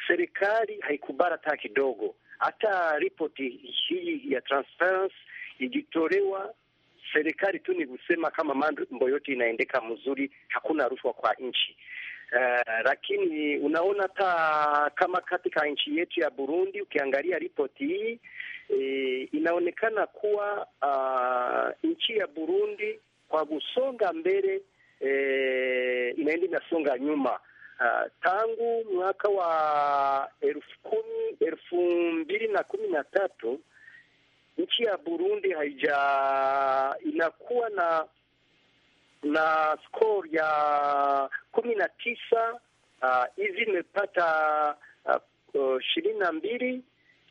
serikali haikubara hata kidogo. Hata ripoti hii ya transparency ikitolewa serikali tu ni kusema kama mambo yote inaendeka mzuri, hakuna rushwa kwa nchi. Uh, lakini unaona hata kama katika nchi yetu ya Burundi ukiangalia ripoti hii e, inaonekana kuwa uh, nchi ya Burundi kwa kusonga mbele e, inaenda inasonga nyuma uh, tangu mwaka wa elfu kumi elfu mbili na kumi na tatu nchi ya Burundi haija inakuwa na na score ya kumi na tisa hizi uh, imepata uh, uh, ishirini uh, na mbili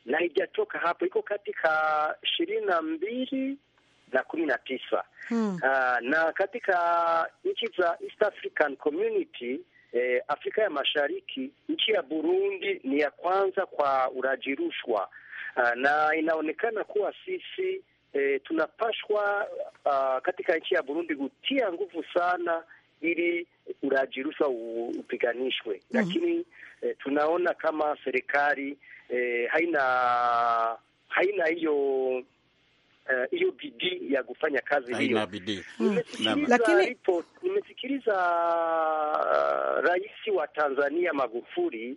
na haijatoka hapo, iko katika ishirini na mbili na kumi na tisa hmm. Uh, na katika nchi za East African Community eh, Afrika ya Mashariki, nchi ya Burundi ni ya kwanza kwa uraji rushwa Ah, na inaonekana kuwa sisi e, tunapashwa a, ah, katika nchi ya Burundi kutia nguvu sana ili uraji rushwa upiganishwe. mm -hmm. Lakini e, tunaona kama serikali e, haina haina hiyo hiyo uh, bidii ya kufanya kazi hiyo. Mm-hmm. Nimesikiliza ah, Rais wa Tanzania Magufuli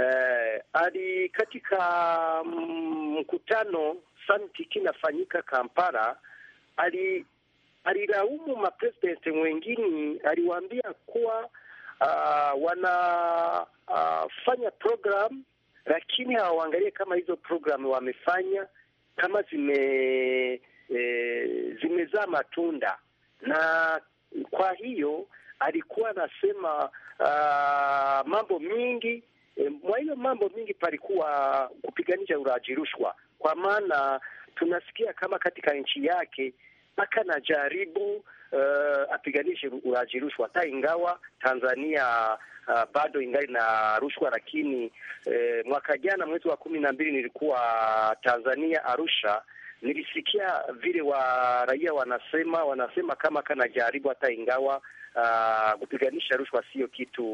eh, ali katika mm, mkutano santi kinafanyika Kampala, ali alilaumu mapresidenti wengine, aliwaambia kuwa uh, ah, wanafanya ah, uh, program lakini hawaangalie kama hizo programu wamefanya kama zime e, zimezaa matunda. Na kwa hiyo alikuwa anasema uh, mambo mingi E, mwa hiyo mambo mingi palikuwa kupiganisha uraji rushwa, kwa maana tunasikia kama katika nchi yake mpaka na jaribu uh, eh, apiganishe uraji rushwa ta ingawa Tanzania uh, bado ingali na rushwa, lakini eh, mwaka jana mwezi wa kumi na mbili nilikuwa Tanzania Arusha nilisikia vile wa raia wanasema wanasema kama kanajaribu hata ingawa ah, kupiganisha uh, rushwa sio kitu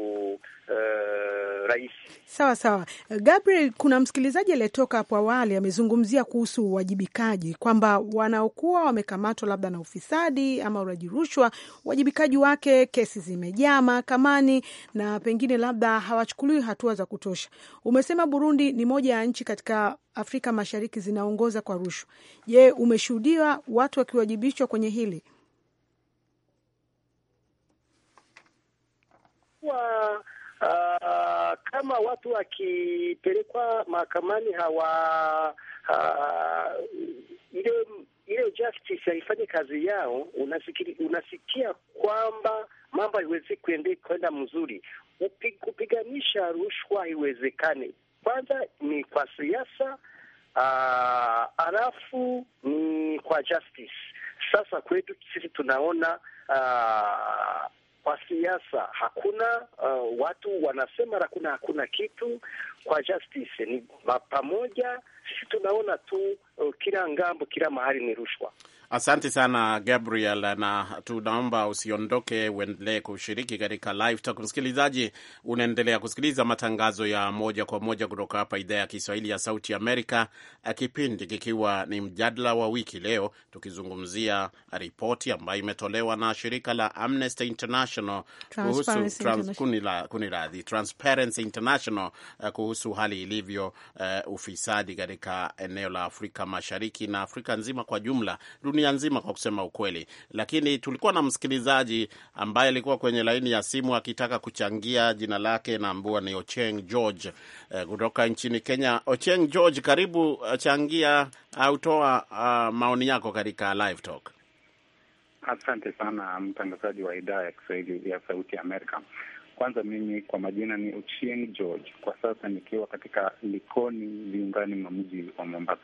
Uh, rais sawa sawa. Gabriel, kuna msikilizaji aliyetoka hapo awali amezungumzia kuhusu uwajibikaji kwamba wanaokuwa wamekamatwa labda na ufisadi ama uraji rushwa, uwajibikaji wake, kesi zimejaa mahakamani na pengine labda hawachukuliwi hatua za kutosha. Umesema Burundi ni moja ya nchi katika Afrika Mashariki zinaongoza kwa rushwa. Je, umeshuhudia watu wakiwajibishwa kwenye hili? wow. Uh, kama watu wakipelekwa mahakamani hawa uh, ile ile justice haifanye kazi yao, unasikia, unasikia kwamba mambo haiwezi kuende kwenda mzuri. Kupiganisha rushwa haiwezekani, kwanza ni kwa siasa uh, alafu ni kwa justice. Sasa kwetu sisi tunaona uh, siasa hakuna. Uh, watu wanasema hakuna, hakuna kitu kwa justice. Ni pamoja, sisi tunaona tu Eh, kila ngambo, kila mahali ni rushwa. Asante sana Gabriel, na tunaomba usiondoke, uendelee kushiriki katika live talk. Msikilizaji, unaendelea kusikiliza matangazo ya moja kwa moja kutoka hapa idhaa ya Kiswahili ya Sauti Amerika, eh, kipindi kikiwa ni mjadala wa wiki, leo tukizungumzia ripoti ambayo imetolewa na shirika la Amnesty International kuhusu kuni radhi, Transparency International eh, kuhusu hali ilivyo uh, ufisadi katika eneo la Afrika Mashariki na Afrika nzima kwa jumla, dunia nzima kwa kusema ukweli. Lakini tulikuwa na msikilizaji ambaye alikuwa kwenye laini ya simu akitaka kuchangia. Jina lake naambua ni Ocheng George eh, kutoka eh, nchini Kenya. Ocheng George, karibu, eh, changia au toa uh, maoni yako katika live talk. Asante sana mtangazaji wa idaa ya Kiswahili ya Sauti ya Amerika. Kwanza mimi kwa majina ni Uchieng George, kwa sasa nikiwa katika Likoni, viungani mwa mji wa Mombasa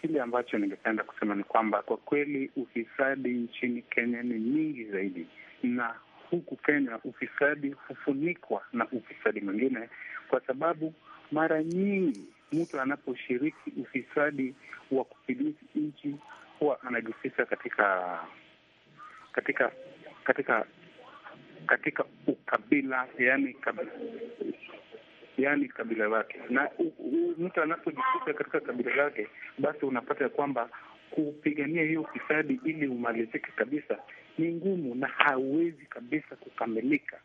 kile ambacho ningependa kusema ni kwamba kwa kweli ufisadi nchini Kenya ni nyingi zaidi, na huku Kenya ufisadi hufunikwa na ufisadi mwingine, kwa sababu mara nyingi mtu anaposhiriki ufisadi wa kupilisi nchi huwa anajihusisha katika katika katika katika ukabila, yani yaani kabila lake, na mtu anapojikuta katika kabila lake, basi unapata ya kwamba kupigania hiyo ufisadi ili umalizike kabisa ni ngumu na hawezi kabisa kukamilika.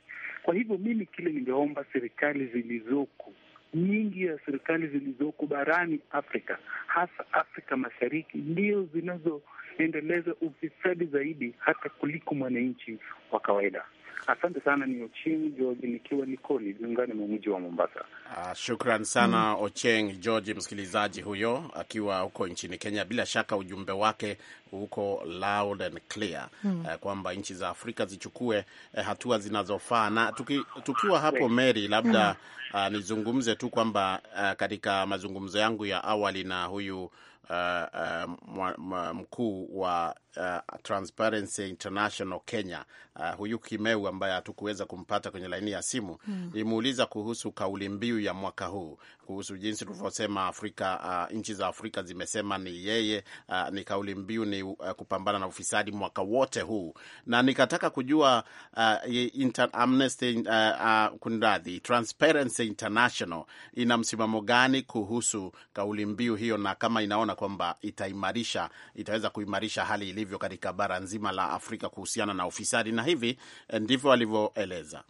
Kwa hivyo mimi kile ningeomba serikali zilizoko nyingi ya serikali zilizoko barani Afrika hasa Afrika Mashariki ndio zinazo iendeleze ufisadi zaidi hata kuliko mwananchi wa kawaida. Asante sana, ni Ocheng George nikiwa Likoni, viungani mwa mji wa Mombasa. Ah, shukran sana mm. Ocheng George, msikilizaji huyo akiwa huko nchini Kenya. Bila shaka ujumbe wake huko loud and clear mm. eh, kwamba nchi za Afrika zichukue eh, hatua zinazofaa na tuki, tukiwa hapo Mary, labda mm. ah, nizungumze tu kwamba ah, katika mazungumzo yangu ya awali na huyu uh, uh, mkuu wa uh, Transparency International Kenya, uh, huyu Kimeu ambaye hatukuweza kumpata kwenye laini ya simu mm. Imuuliza kuhusu kauli mbiu ya mwaka huu kuhusu jinsi tulivyosema Afrika, uh, nchi za Afrika zimesema ni yeye, uh, ni kauli mbiu ni uh, kupambana na ufisadi mwaka wote huu, na nikataka kujua uh, inter, Amnesty uh, uh, kunradhi, Transparency International ina msimamo gani kuhusu kauli mbiu hiyo na kama inaona kwamba itaimarisha itaweza kuimarisha hali ilimu ilivyo katika bara nzima la Afrika kuhusiana na ufisadi, na hivi eh, ndivyo alivyoeleza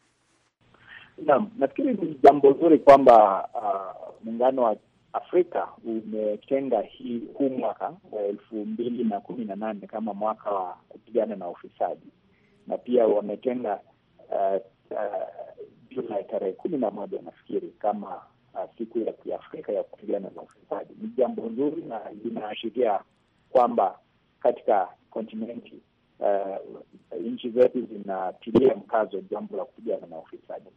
Naam, nafikiri ni jambo zuri kwamba uh, muungano wa Afrika umetenga hii huu mwaka wa elfu mbili na kumi na nane kama mwaka wa kupigana na ufisadi na pia wametenga uh, uh, Julai tarehe kumi na moja nafikiri kama uh, siku ya kiafrika ya kupigana na ufisadi. Ni jambo nzuri na linaashiria kwamba katika kontinenti uh, nchi zetu zinatilia mkazo jambo la kupigana na ufisadi.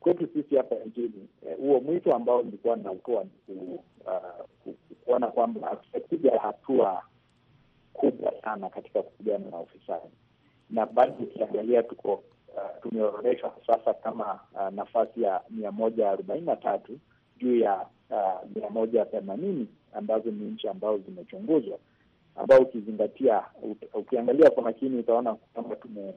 Kwetu sisi hapa nchini eh, huo, uh, mwito ambao nilikuwa nautoa ni uh, kuona kwamba hatujapiga hatua kubwa sana katika kupigana na ufisadi, na bado ukiangalia tuko uh, tumeorodheshwa sasa kama uh, nafasi ya mia moja arobaini na tatu juu ya uh, mia moja themanini ambazo ni nchi ambazo zimechunguzwa ambao ukizingatia, ukiangalia kwa makini utaona kwamba tume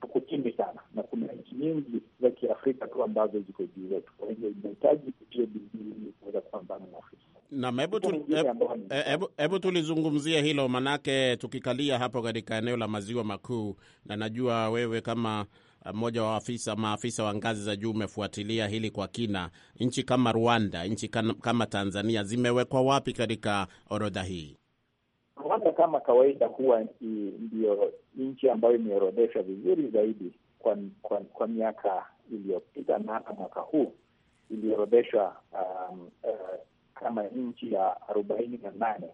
tuko chini sana, na kuna nchi nyingi za Kiafrika tu ambazo ziko juu yetu. Kwa hivyo inahitaji kutia bidii ili kuweza kupambana na Afrika. Naam, hebu eh, tulizungumzia hilo manake, tukikalia hapo katika eneo la maziwa makuu, na najua wewe kama eh, mmoja wa afisa maafisa wa ngazi za juu umefuatilia hili kwa kina. Nchi kama Rwanda, nchi kama Tanzania zimewekwa wapi katika orodha hii? kama kawaida huwa ndiyo nchi ambayo imeorodheshwa vizuri zaidi kwa, kwa, kwa miaka iliyopita na hata mwaka huu iliorodheshwa um, uh, kama nchi ya arobaini na nane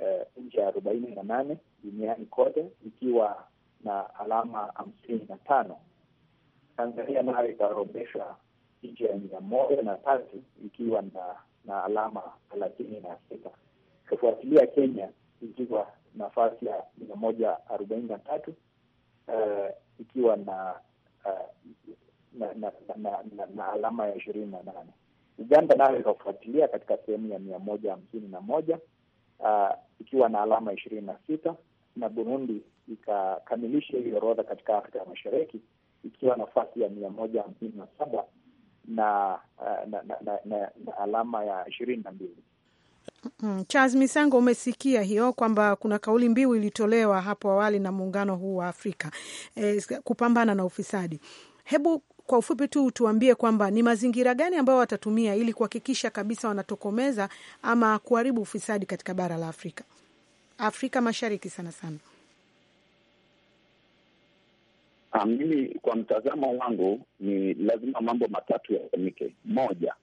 uh, nchi ya arobaini na nane duniani kote ikiwa na alama hamsini na tano. Tanzania nayo ikaorodheshwa nchi ya mia moja na tatu ikiwa na, na alama thelathini na sita ikifuatilia Kenya ikiwa nafasi ya mia moja arobaini na tatu eh, ikiwa eh, na na, na, na, na, na alama ya ishirini na nane. Uganda nayo ikafuatilia katika sehemu ya mia moja hamsini na moja uh, ikiwa na alama ishirini na sita na Burundi ikakamilisha hiyo orodha katika Afrika ya Mashariki ikiwa nafasi ya mia moja hamsini na saba na, na, na, na, na, na alama ya ishirini na mbili. Mm, Charles Misango, umesikia hiyo kwamba kuna kauli mbiu ilitolewa hapo awali na muungano huu wa Afrika e, kupambana na ufisadi. Hebu kwa ufupi tu tuambie kwamba ni mazingira gani ambayo watatumia ili kuhakikisha kabisa wanatokomeza ama kuharibu ufisadi katika bara la Afrika, Afrika Mashariki sana sana. Ah, mimi kwa mtazamo wangu ni lazima mambo matatu yafanyike. Moja,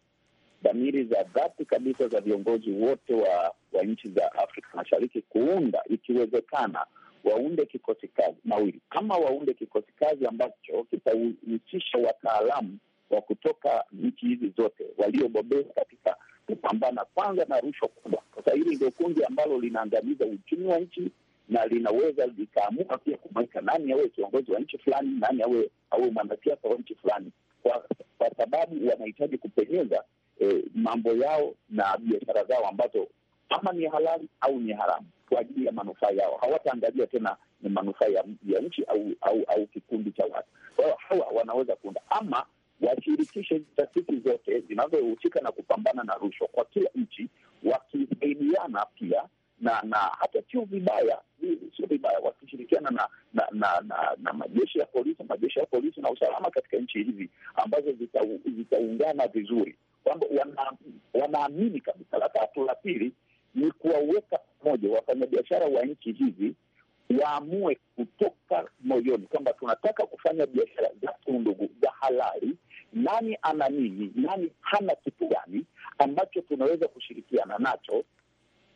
dhamiri za dhati kabisa za viongozi wote wa, wa nchi za Afrika Mashariki kuunda, ikiwezekana, waunde kikosi kazi mawili, kama waunde kikosi kazi ambacho kitahusisha wataalamu wa kutoka nchi hizi zote waliobobea katika kupambana kwanza na rushwa kubwa. Sasa hili ndio kundi ambalo linaangamiza uchumi wa nchi na linaweza likaamua pia kumweka nani awe kiongozi wa nchi fulani, nani awe awe mwanasiasa wa nchi fulani, kwa, kwa sababu wanahitaji kupenyeza eh, mambo yao na biashara zao ambazo ama ni halali au ni haramu kwa ajili ya manufaa yao. Hawataangalia tena ni manufaa ya, ya nchi au au, au kikundi cha watu. Kwa hiyo hawa wanaweza kuunda ama washirikishe taasisi zote zinazohusika na kupambana na rushwa kwa kila nchi, wakisaidiana pia na na hata sio vibaya, sio vibaya wakishirikiana na na, na, na, na majeshi ya polisi, majeshi ya polisi na usalama katika nchi hizi ambazo zitaungana zita vizuri kwamba wanaamini kabisa. la hatua la pili ni kuwaweka pamoja wafanyabiashara wa nchi hizi, waamue kutoka moyoni kwamba tunataka kufanya biashara za tundugu za halali, nani ana nini, nani hana kitu gani ambacho tunaweza kushirikiana nacho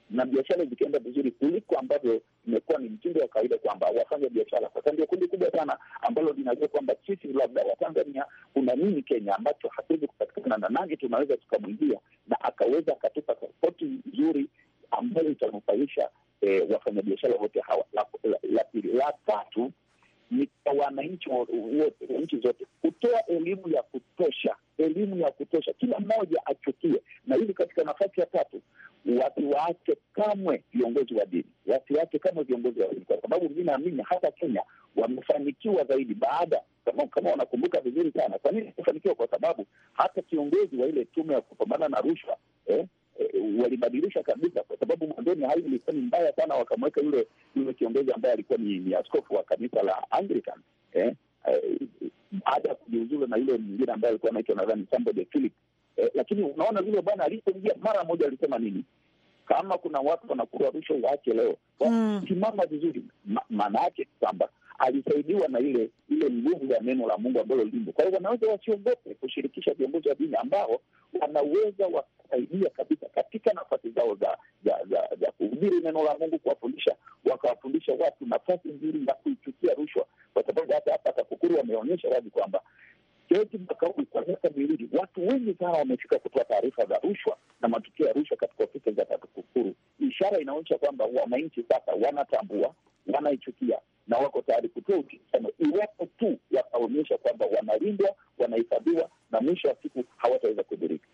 na biashara zikienda vizuri kuliko ambavyo imekuwa ni mtindo wa kawaida kwamba wafanya biashara. Sasa ndio kundi kubwa sana ambalo linajua kwamba sisi labda Watanzania kuna nini Kenya ambacho hatuwezi kupatikana na nange, tunaweza tukamwingia na akaweza akatupa sapoti nzuri ambayo itanufaisha eh, wafanyabiashara wote hawa. La pili, la tatu ni kwa wananchi wote nchi zote kutoa elimu ya kutosha elimu ya kutosha, kila mmoja achukie. Na hili katika nafasi ya tatu, wasiwaache kamwe viongozi wa dini, wasiwaache kamwe viongozi wa dini, kwa sababu mi naamini hata Kenya wamefanikiwa zaidi baada kama, kama wanakumbuka vizuri sana. Kwa nini kufanikiwa? Kwa sababu hata kiongozi wa ile tume ya kupambana na rushwa eh, eh, walibadilisha kabisa, kwa sababu mwanzoni hali ilikuwa ni mbaya sana, wakamweka yule yule kiongozi ambaye alikuwa ni, ni askofu wa kanisa la Anglican eh, Eh, baada ya kujiuzulu na yule mwingine ambaye alikuwa anaitwa nadhani de Philip. Eh, lakini unaona vile bwana alipoingia mara moja alisema nini? Kama kuna watu wanakurarusha, waache leo, mm. simama vizuri. Maana yake kwamba alisaidiwa na ile ile nguvu ya neno la Mungu ambalo limo. Kwa hivyo wanaweza wasiogope kushirikisha viongozi wa dini ambao wanaweza wakasaidia kabisa katika nafasi zao za za za, za kuhubiri neno la Mungu, kuwafundisha, wakawafundisha watu nafasi nzuri ya kuichukia rushwa, kwa sababu hata hapa TAKUKURU wameonyesha wazi kwamba Jaji Makauli, kwa miaka miwili, watu wengi sana wamefika kutoa taarifa za rushwa na matukio ya rushwa katika ofisi za TAKUKURU. Ishara inaonyesha kwamba wananchi sasa wanatambua, wanaichukia na wako tayari kutoa ushirikiano iwapo tu wataonyesha kwamba wanalindwa, wanahifadhiwa na mwisho wa siku hawataweza kudhurika.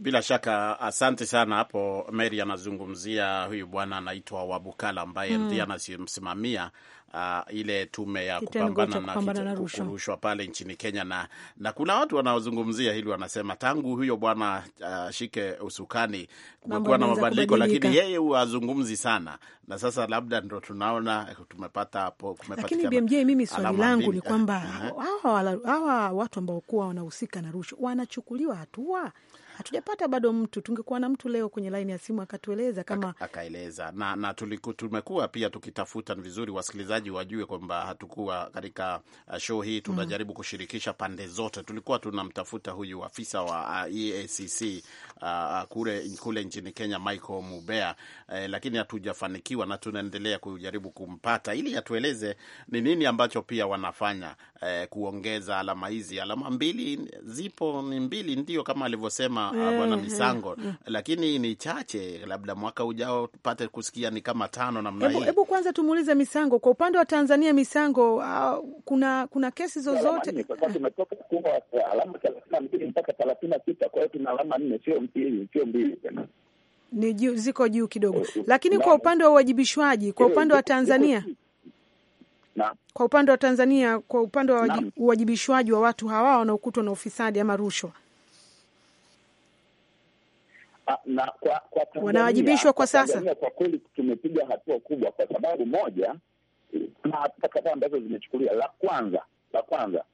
Bila shaka asante sana hapo. Mary anazungumzia huyu bwana anaitwa Wabukala ambaye mm. ndiye anasimamia uh, ile tume ya kupambana na kurushwa pale nchini Kenya, na, na kuna watu wanaozungumzia hili wanasema tangu huyo bwana uh, ah, shike usukani kumekuwa na mabadiliko, lakini yeye huwa azungumzi sana, na sasa labda ndo tunaona tumepata hapo. Lakini BMJ, mimi swali langu ni kwamba hawa watu ambao kuwa wanahusika na rushwa wanachukuliwa hatua hatujapata bado mtu. Tungekuwa na mtu leo kwenye laini ya simu akatueleza kama akaeleza, na, na tuliku, tumekuwa pia tukitafuta. Ni vizuri wasikilizaji wajue kwamba hatukuwa katika uh, show hii, mm-hmm. tunajaribu mm. kushirikisha pande zote. Tulikuwa tunamtafuta huyu afisa wa uh, EACC uh, kule, kule nchini Kenya Michael Mubea eh, lakini hatujafanikiwa na tunaendelea kujaribu kumpata ili atueleze ni nini ambacho pia wanafanya eh, kuongeza alama hizi. Alama mbili zipo, ni mbili ndio kama alivyosema kama bwana Misango Lakini ni chache, labda mwaka ujao tupate kusikia ni kama tano namna hii. Hebu kwanza tumuulize Misango, kwa upande wa Tanzania Misango, uh, kuna kuna kesi zozote? Tumetoka kuwa alama thelathini na mbili mpaka thelathini na sita kwa hiyo tuna alama nne, sio mbili, sio mbili tena ni juu, ziko juu kidogo, eh, eh, lakini kwa upande wa uwajibishwaji, kwa eh, upande wa Tanzania na, kwa upande wa Tanzania, kwa upande wa uwajibishwaji wa watu hawa wanaokutwa na ufisadi ama rushwa Ah, na kwa, kwa Tanzania, wanawajibishwa kwa sasa. Kwa kweli tumepiga hatua kubwa, kwa sababu moja, kuna hatua kadhaa ambazo zimechukuliwa. La kwanza la kwanza,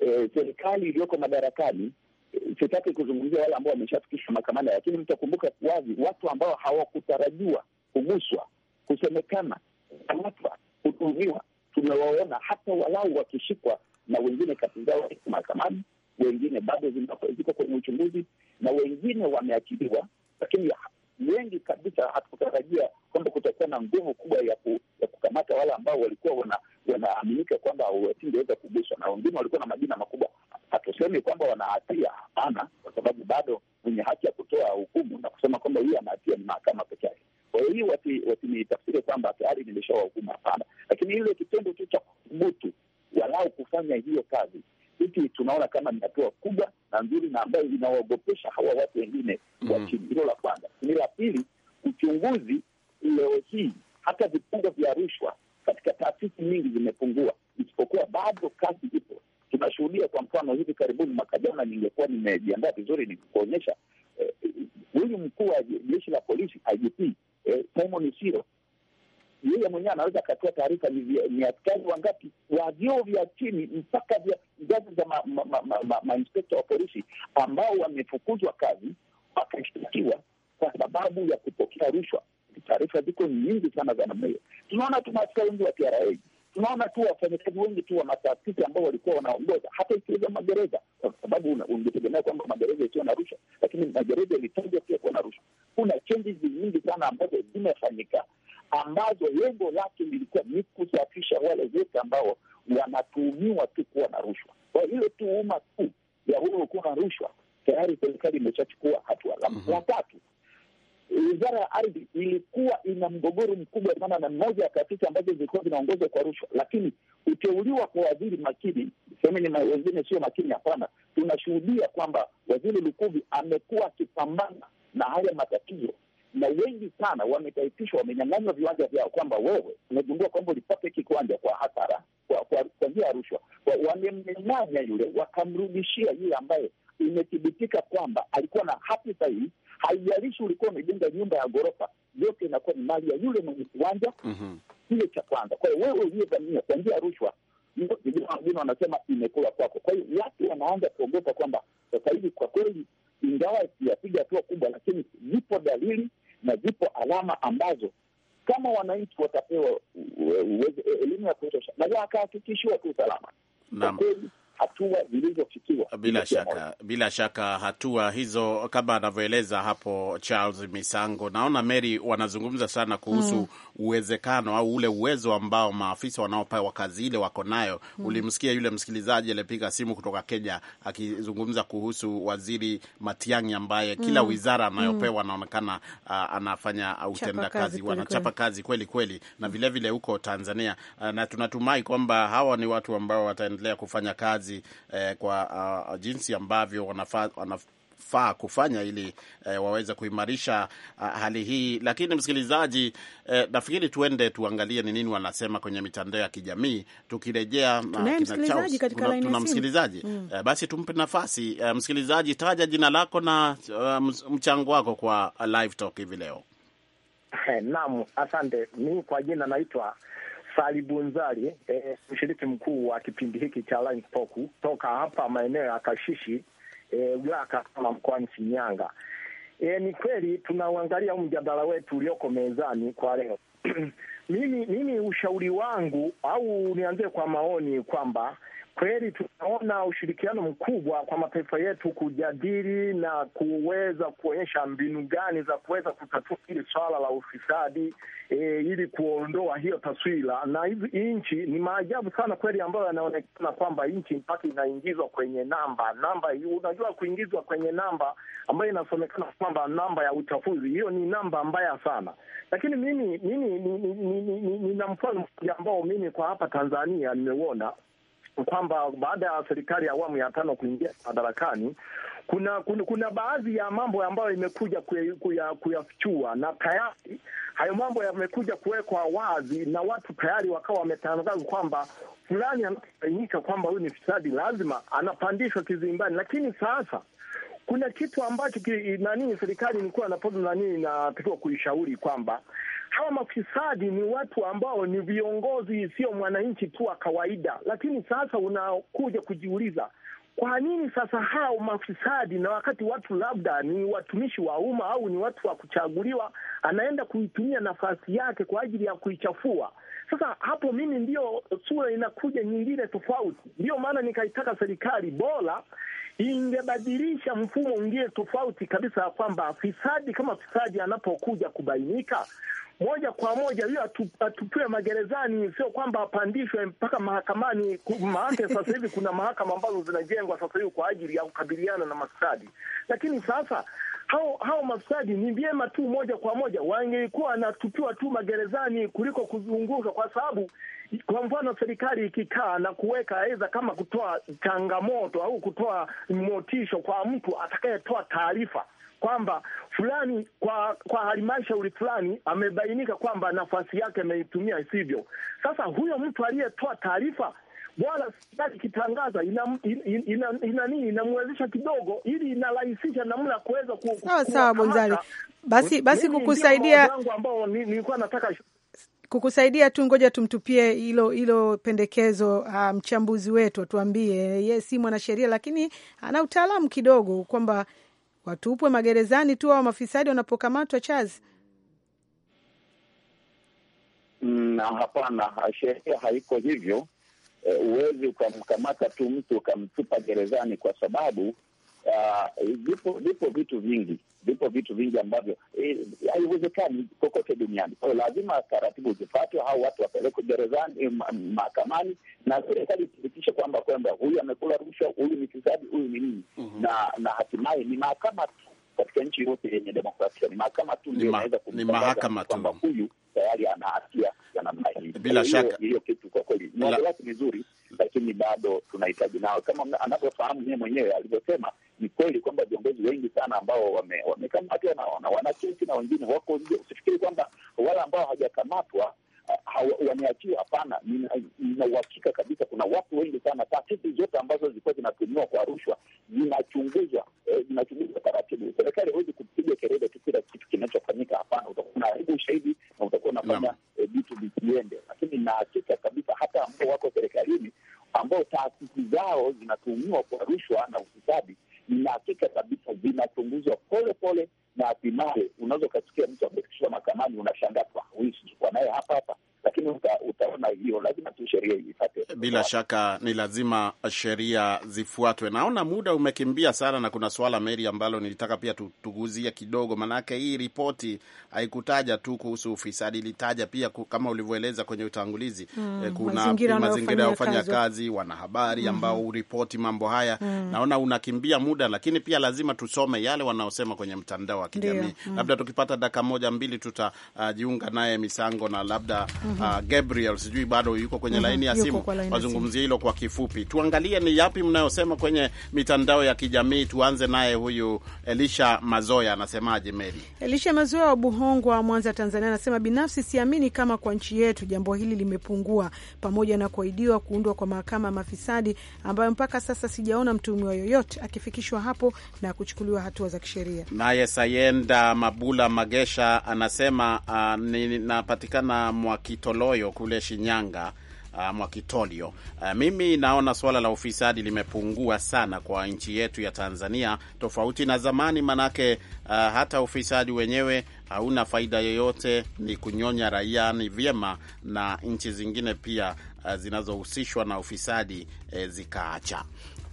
e, serikali iliyoko madarakani e, sitaki kuzungumzia wale ambao wameshafikishwa mahakamani, lakini mtakumbuka wazi watu ambao hawakutarajiwa kuguswa, kusemekana, kukamatwa, kutuhumiwa, tumewaona hata walau wakishikwa, na wengine kati zao mahakamani, wengine bado ziko kwenye uchunguzi, na wengine wameachiliwa lakini wengi kabisa hatukutarajia kwamba kutakuwa na nguvu kubwa ya, ku, ya kukamata wale ambao walikuwa wanaaminika kwamba wasingeweza kuguswa, na wengine walikuwa na majina makubwa. Hatusemi kwamba wana hatia, hapana, kwa sababu bado mwenye haki ya kutoa hukumu na kusema kwamba huyu ana hatia ni mahakama peke yake. Kwa hiyo hii watimitafsiri kwamba tayari nimeshawahukumu, hapana, lakini ile kitendo tu cha kuthubutu walau kufanya hiyo kazi sisi tunaona kama ni hatua kubwa na nzuri na ambayo inawaogopesha hawa watu wengine wa mm. chini. Hilo la kwanza. Lakini la pili, uchunguzi leo hii hata vifungo vya rushwa katika taasisi nyingi zimepungua, isipokuwa bado kazi ipo. Tunashuhudia kwa mfano, hivi karibuni, mwaka jana, ningekuwa nimejiandaa vizuri nikuonyesha eh, huyu eh, mkuu wa jeshi la polisi IGP eh, Simon yeye mwenyewe anaweza akatoa taarifa ni askari wangapi wa vyoo vya chini mpaka vya ngazi za mainspekta wa polisi ambao wamefukuzwa kazi wakashtakiwa kwa sababu ya kupokea rushwa. Taarifa ziko nyingi sana za namna hiyo. Tunaona tu maaskari wengi wa TRA, tunaona tu wafanyakazi wengi tu wa mataasisi ambao walikuwa wanaongoza, hata ikiweza magereza, kwa sababu ungetegemea kwamba magereza ikiwa na rushwa, lakini magereza ilitajwa pia kuwa na rushwa. Kuna chenji nyingi sana ambazo zimefanyika ambazo lengo lake lilikuwa ni kusafisha wale wote ambao wanatuhumiwa tu kuwa na rushwa. Kwa hiyo tuhuma tu ya huyo kuwa na rushwa tayari serikali imeshachukua hatua. La mm -hmm. tatu, wizara ya ardhi ilikuwa ina mgogoro mkubwa sana na mmoja ya taasisi ambazo zilikuwa zinaongozwa kwa rushwa, lakini kuteuliwa kwa waziri makini, semeni wengine sio makini, hapana. Tunashuhudia kwamba waziri Lukuvi amekuwa akipambana na haya matatizo na wengi sana wametaifishwa, wamenyang'anywa viwanja vyao, kwamba wewe umegundua kwamba ulipata hiki kiwanja kwa hasara, kwa njia ya rushwa. Wamemnyang'anya yule, wakamrudishia yule ambaye imethibitika kwamba alikuwa na hati sahihi. Haijalishi ulikuwa umejenga nyumba ya ghorofa, yote inakuwa ni mali ya yule mwenye kiwanja kile mhm. cha kwanza. Kwa hiyo wewe uliyedhamia kwa njia ya rushwa, vijana wengine wanasema imekula kwako. Kwa hiyo watu wanaanza kuogopa kwamba sasa hivi kwa kweli, ingawa sijapiga hatua kubwa, lakini zipo dalili na zipo alama ambazo kama wananchi watapewa e, elimu ya kutosha na wakahakikishiwa tu usalama, kwa kweli hatua zilizofikiwa. Bila shaka, bila shaka hatua hizo kama anavyoeleza hapo Charles Misango. Naona Mary wanazungumza sana kuhusu mm. uwezekano au ule uwezo ambao maafisa wanaopewa kazi ile wako nayo mm. Ulimsikia yule msikilizaji aliyepiga simu kutoka Kenya akizungumza kuhusu waziri Matiang'i ambaye kila mm. wizara anayopewa hmm. anaonekana uh, anafanya utendakazi, wanachapa kazi kweli kweli, na vilevile huko Tanzania uh, na tunatumai kwamba hawa ni watu ambao wataendelea kufanya kazi kazi eh, kwa uh, jinsi ambavyo wanafaa wanaf faa kufanya ili e, waweze kuimarisha a, ah, hali hii. Lakini msikilizaji, e, nafikiri tuende tuangalie ni nini wanasema kwenye mitandao ya kijamii. Tukirejea ah, tuna msikilizaji mm. E, basi tumpe nafasi e, msikilizaji, taja jina lako na e, mchango wako kwa live talk hivi leo. (laughs) Naam, asante. Mi kwa jina naitwa Bunzali eh, mshiriki mkuu wa kipindi hiki cha Line Talk toka hapa maeneo ya Kashishi eh, wilaya eh, Kampala mkoani Shinyanga. Eh, ni kweli tunauangalia mjadala wetu ulioko mezani kwa leo. (clears throat) Mimi, mimi ushauri wangu au nianze kwa maoni kwamba kweli tunaona ushirikiano mkubwa kwa mataifa yetu kujadili na kuweza kuonyesha mbinu gani za kuweza kutatua hili swala la ufisadi e, ili kuondoa hiyo taswira. Na hizi nchi ni maajabu sana kweli, ambayo yanaonekana kwamba nchi mpaka inaingizwa kwenye namba namba. Unajua, kuingizwa kwenye namba ambayo inasomekana kwamba namba ya uchafuzi, hiyo ni namba mbaya sana. Lakini mimi mimi nina mfano mmoja ambao mimi kwa hapa Tanzania nimeuona kwamba baada ya serikali ya awamu ya tano kuingia madarakani kuna, kuna kuna baadhi ya mambo ambayo imekuja kuyafichua na tayari hayo mambo yamekuja kuwekwa wazi na watu tayari wakawa wametangaza kwamba fulani anafanyika kwamba huyu ni fisadi, lazima anapandishwa kizimbani. Lakini sasa kuna kitu ambacho nanii serikali ilikuwa nanii inatakiwa kuishauri kwamba hawa mafisadi ni watu ambao ni viongozi, sio mwananchi tu wa kawaida. Lakini sasa unakuja kujiuliza kwa nini sasa hao mafisadi, na wakati watu labda ni watumishi wa umma au ni watu wa kuchaguliwa, anaenda kuitumia nafasi yake kwa ajili ya kuichafua. Sasa hapo mimi ndiyo sura inakuja nyingine tofauti. Ndiyo maana nikaitaka serikali bora ingebadilisha mfumo mwingine tofauti kabisa, ya kwamba fisadi kama fisadi anapokuja kubainika, moja kwa moja hiyo atupiwe magerezani, sio kwamba apandishwe mpaka mahakamani. Maana sasa hivi kuna mahakama ambazo zinajengwa sasa hivi kwa ajili ya kukabiliana na mafisadi, lakini sasa hao hao mafisadi ni vyema tu moja kwa moja wangekuwa wanatupiwa tu magerezani kuliko kuzunguka, kwa sababu kwa mfano serikali ikikaa na kuweka aidha kama kutoa changamoto au kutoa motisho kwa mtu atakayetoa taarifa kwamba fulani kwa kwa halmashauri fulani amebainika kwamba nafasi yake ameitumia isivyo. Sasa huyo mtu aliyetoa taarifa bwana serikali ikitangaza ina ina, ina, inamwezesha kidogo, ili inarahisisha namna ya kuweza ku sawa sawa. Bonzali, basi basi kukusaidia ambao nilikuwa nataka kukusaidia tu, ngoja tumtupie hilo hilo pendekezo um, mchambuzi um, wetu atuambie. Yeye si mwanasheria, lakini ana utaalamu kidogo kwamba watupwe magerezani tu hao mafisadi wanapokamatwa chazi? Na hapana, sheria haiko hivyo. Eh, huwezi e, ukamkamata tu mtu ukamtupa gerezani, kwa sababu Uh, vipo vitu vingi, vipo vitu vingi ambavyo eh, haiwezekani kokote duniani. Kwa hiyo lazima taratibu zifuatwe, au watu wapelekwe gerezani, eh, mahakamani, na serikali ithibitishe kwamba kwamba huyu amekula rushwa, huyu ni fisadi, huyu ni nini, mhm. na hatimaye ni mahakama tu katika nchi yote yenye demokrasia ni mahakama tu ndio inaweza kumtangaza kwamba huyu tayari ana hatia ya namna hii. Bila shaka hiyo kitu kwa kweli ni wasiwasi vizuri lakini bado tunahitaji nao, kama anavyofahamu yeye mwenyewe alivyosema, ni kweli kwamba viongozi wengi sana ambao wamekamatwa wame na wanakesi na wengine wako nje. Usifikiri kwamba wale ambao hawajakamatwa wameachiwa. Hapana, nina uhakika kabisa kuna watu wengi sana. Taasisi zote ambazo zilikuwa zinatumiwa kwa rushwa zinachunguzwa, eh, zinachunguzwa taratibu. Serikali hawezi kupiga kelele tu kila kitu kinachofanyika. Hapana, utakuwa unaharibu ushahidi na utakuwa unafanya eh, vitu visiende, lakini inahakika kabisa hata ambao wako serikalini ambao taasisi zao zinatumiwa kwa rushwa na ufisadi, inahakika kabisa zinachunguzwa pole pole na hatimaye unaweza ukasikia mtu amefikishwa mahakamani, unashangaa huishi kwa naye hapa hapa lakini utaona hiyo lazima tu sheria ifuate. Bila shaka ni lazima sheria zifuatwe. Naona muda umekimbia sana, na kuna swala Meri ambalo nilitaka pia tuguzie kidogo, maanake hii ripoti haikutaja tu kuhusu ufisadi, ilitaja pia kama ulivyoeleza kwenye utangulizi eh, mm, kuna mazingira ya kufanya kazi, wanahabari mm -hmm. ambao uripoti mambo haya mm. Naona unakimbia muda, lakini pia lazima tusome yale wanaosema kwenye mtandao wa kijamii mm. Labda tukipata dakika moja mbili tutajiunga uh, naye Misango na labda mm -hmm. uh, Gabriel sijui bado yuko kwenye mm -hmm. laini ya simu, wazungumzie hilo kwa kifupi. Tuangalie ni yapi mnayosema kwenye mitandao ya kijamii. Tuanze naye huyu Elisha Mazoya, anasemaje Meli? Elisha Mazoya wa Buhongwa, Mwanza, Tanzania, anasema binafsi siamini kama kwa nchi yetu jambo hili limepungua, pamoja na kuahidiwa kuundwa kwa mahakama ya mafisadi ambayo mpaka sasa sijaona mtuhumiwa yoyote akifikishwa hapo na kuchukuliwa hatua za kisheria. Naye Kayenda Mabula Magesha anasema uh, ninapatikana Mwakitoloyo kule Shinyanga. Uh, Mwakitolio, uh, mimi naona suala la ufisadi limepungua sana kwa nchi yetu ya Tanzania tofauti na zamani, manake uh, hata ufisadi wenyewe hauna faida yoyote, ni kunyonya raia. Ni vyema na nchi zingine pia uh, zinazohusishwa na ufisadi uh, zikaacha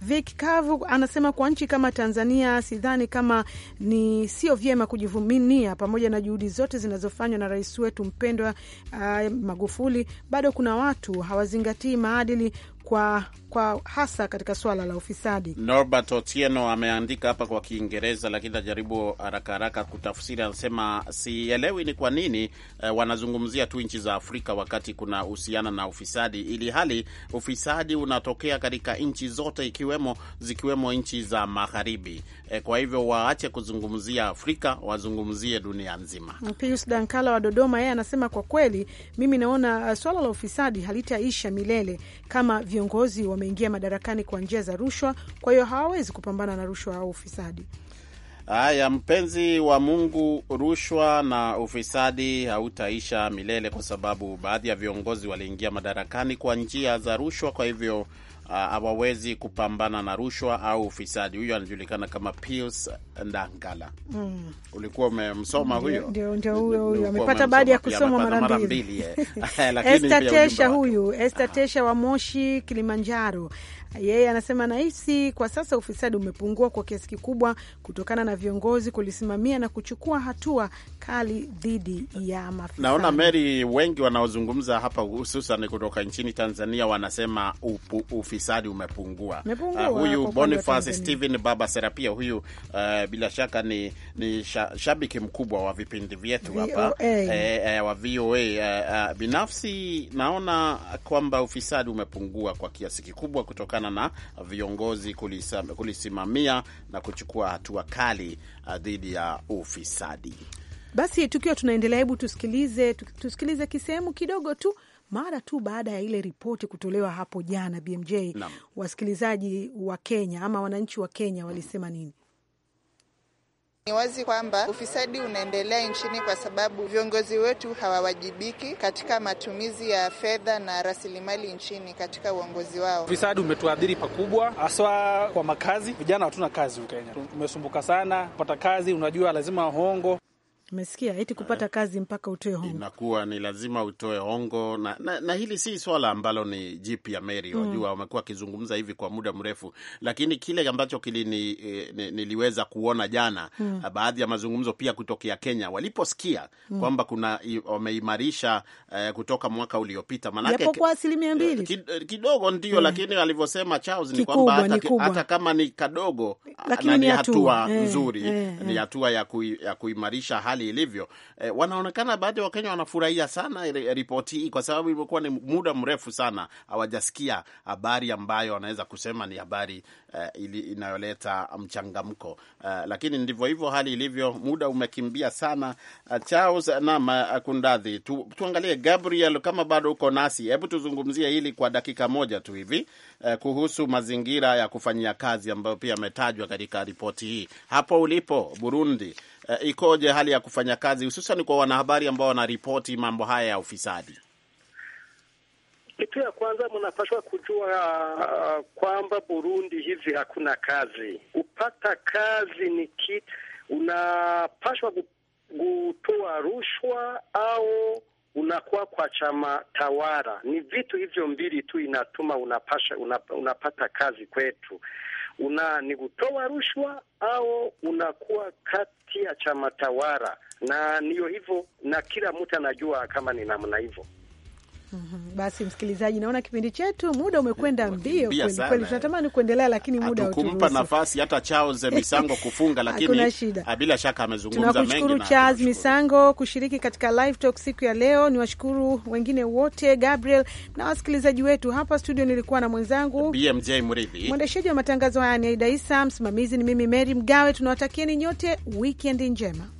Vic Kavu anasema kwa nchi kama Tanzania sidhani kama ni sio vyema kujivuminia, pamoja na juhudi zote zinazofanywa na rais wetu mpendwa uh, Magufuli, bado kuna watu hawazingatii maadili kwa, kwa hasa katika swala la ufisadi. Norbert Otieno ameandika hapa kwa Kiingereza, lakini tajaribu haraka haraka kutafsiri. Anasema sielewi ni kwa nini eh, wanazungumzia tu nchi za Afrika wakati kuna uhusiana na ufisadi, ili hali ufisadi unatokea katika nchi zote ikiwemo zikiwemo nchi za magharibi. E, kwa hivyo waache kuzungumzia Afrika wazungumzie dunia nzima. Pius Dankala wa Dodoma yeye anasema kwa kweli, mimi naona eh, swala la ufisadi halitaisha milele kama viongozi wameingia madarakani kwa njia za rushwa, kwa hiyo hawawezi kupambana na rushwa au ufisadi. Haya, mpenzi wa Mungu, rushwa na ufisadi hautaisha milele, kwa sababu baadhi ya viongozi waliingia madarakani kwa njia za rushwa, kwa hivyo Ah, hawawezi kupambana na rushwa au ufisadi. Huyo anajulikana kama Pius Ndangala. Mm. ulikuwa umemsoma huyo? Ndio, ndio huyo huyo, amepata baada ya kusoma mara mbili. Eh. (laughs) (laughs) Esta Tesha huyu, Esta ah. Tesha wa Moshi, Kilimanjaro, yeye anasema nahisi kwa sasa ufisadi umepungua kwa kiasi kikubwa kutokana na viongozi kulisimamia na kuchukua hatua kali dhidi ya mafisadi. Naona Mary, wengi wanaozungumza hapa hususan kutoka nchini Tanzania wanasema upu, ufi ufisadi umepungua. Uh, huyu Boniface Stephen Baba Serapia huyu uh, bila shaka ni, ni shabiki mkubwa wa vipindi vyetu hapa eh, eh, wa VOA eh, eh, binafsi naona kwamba ufisadi umepungua kwa kiasi kikubwa kutokana na viongozi kulisa, kulisimamia na kuchukua hatua kali eh, dhidi ya ufisadi. Basi tukiwa tunaendelea, hebu tusikilize tusikilize kisehemu kidogo tu mara tu baada ya ile ripoti kutolewa hapo jana BMJ wasikilizaji wa Kenya ama wananchi wa Kenya walisema nini? Ni wazi kwamba ufisadi unaendelea nchini kwa sababu viongozi wetu hawawajibiki katika matumizi ya fedha na rasilimali nchini katika uongozi wao. Ufisadi umetuadhiri pakubwa, haswa kwa makazi. Vijana hatuna kazi Ukenya, tumesumbuka sana kupata kazi. Unajua lazima hongo Umesikia, haiti kupata eh, kazi mpaka utoe hongo, inakuwa ni lazima utoe hongo na, na, na hili si swala ambalo ni jipya Mary, mm. Wajua wamekuwa wakizungumza hivi kwa muda mrefu, lakini kile ambacho kili ni, eh, ni, niliweza kuona jana mm. Eh, baadhi ya mazungumzo pia kutokea Kenya waliposikia mm. kwamba kuna wameimarisha eh, kutoka mwaka uliopita, manake kwa asilimia mbili kidogo ndio mm. lakini alivyosema Charles ni kwamba hata, hata kama ni kadogo lakini ni hatua nzuri eh, eh. ni hatua ya, kui, ya kuimarisha hali hali ilivyo e, wanaonekana baadhi ya Wakenya wanafurahia sana ripoti hii kwa sababu imekuwa ni muda mrefu sana hawajasikia habari ambayo wanaweza kusema ni habari e, inayoleta mchangamko e, lakini ndivyo hivyo hali ilivyo. Muda umekimbia sana. E, Charles na Kundadhi tu, tuangalie Gabriel, kama bado uko nasi, hebu tuzungumzie hili kwa dakika moja tu hivi e, kuhusu mazingira ya kufanyia kazi ambayo pia ametajwa katika ripoti hii. Hapo ulipo Burundi uh, ikoje hali ya kufanya kazi hususan kwa wanahabari ambao wanaripoti mambo haya ya ufisadi? Kitu ya kwanza mnapaswa kujua uh, kwamba Burundi hivi hakuna kazi. Kupata kazi ni kit unapashwa kutoa rushwa au unakuwa kwa chama tawala. Ni vitu hivyo mbili tu inatuma unapasha, unapata kazi kwetu una ni kutoa rushwa au unakuwa kati ya chama tawala, na ndiyo hivyo, na kila mtu anajua kama ni namna hivyo. Mm -hmm. Basi msikilizaji, naona kipindi chetu muda umekwenda eh, mbio kweli kweli, tunatamani kuendelea lakini ah, muda hautumpa nafasi hata Charles (laughs) Misango kufunga, lakini ah, bila shaka amezungumza mengi. Tunakushukuru Charles Misango kushiriki katika live talk siku ya leo. Niwashukuru wengine wote, Gabriel na wasikilizaji wetu hapa studio. Nilikuwa na mwenzangu BMJ Mridhi, mwendeshaji wa matangazo haya ni Aida Isa, msimamizi ni mimi Mary Mgawe. Tunawatakieni nyote weekend njema.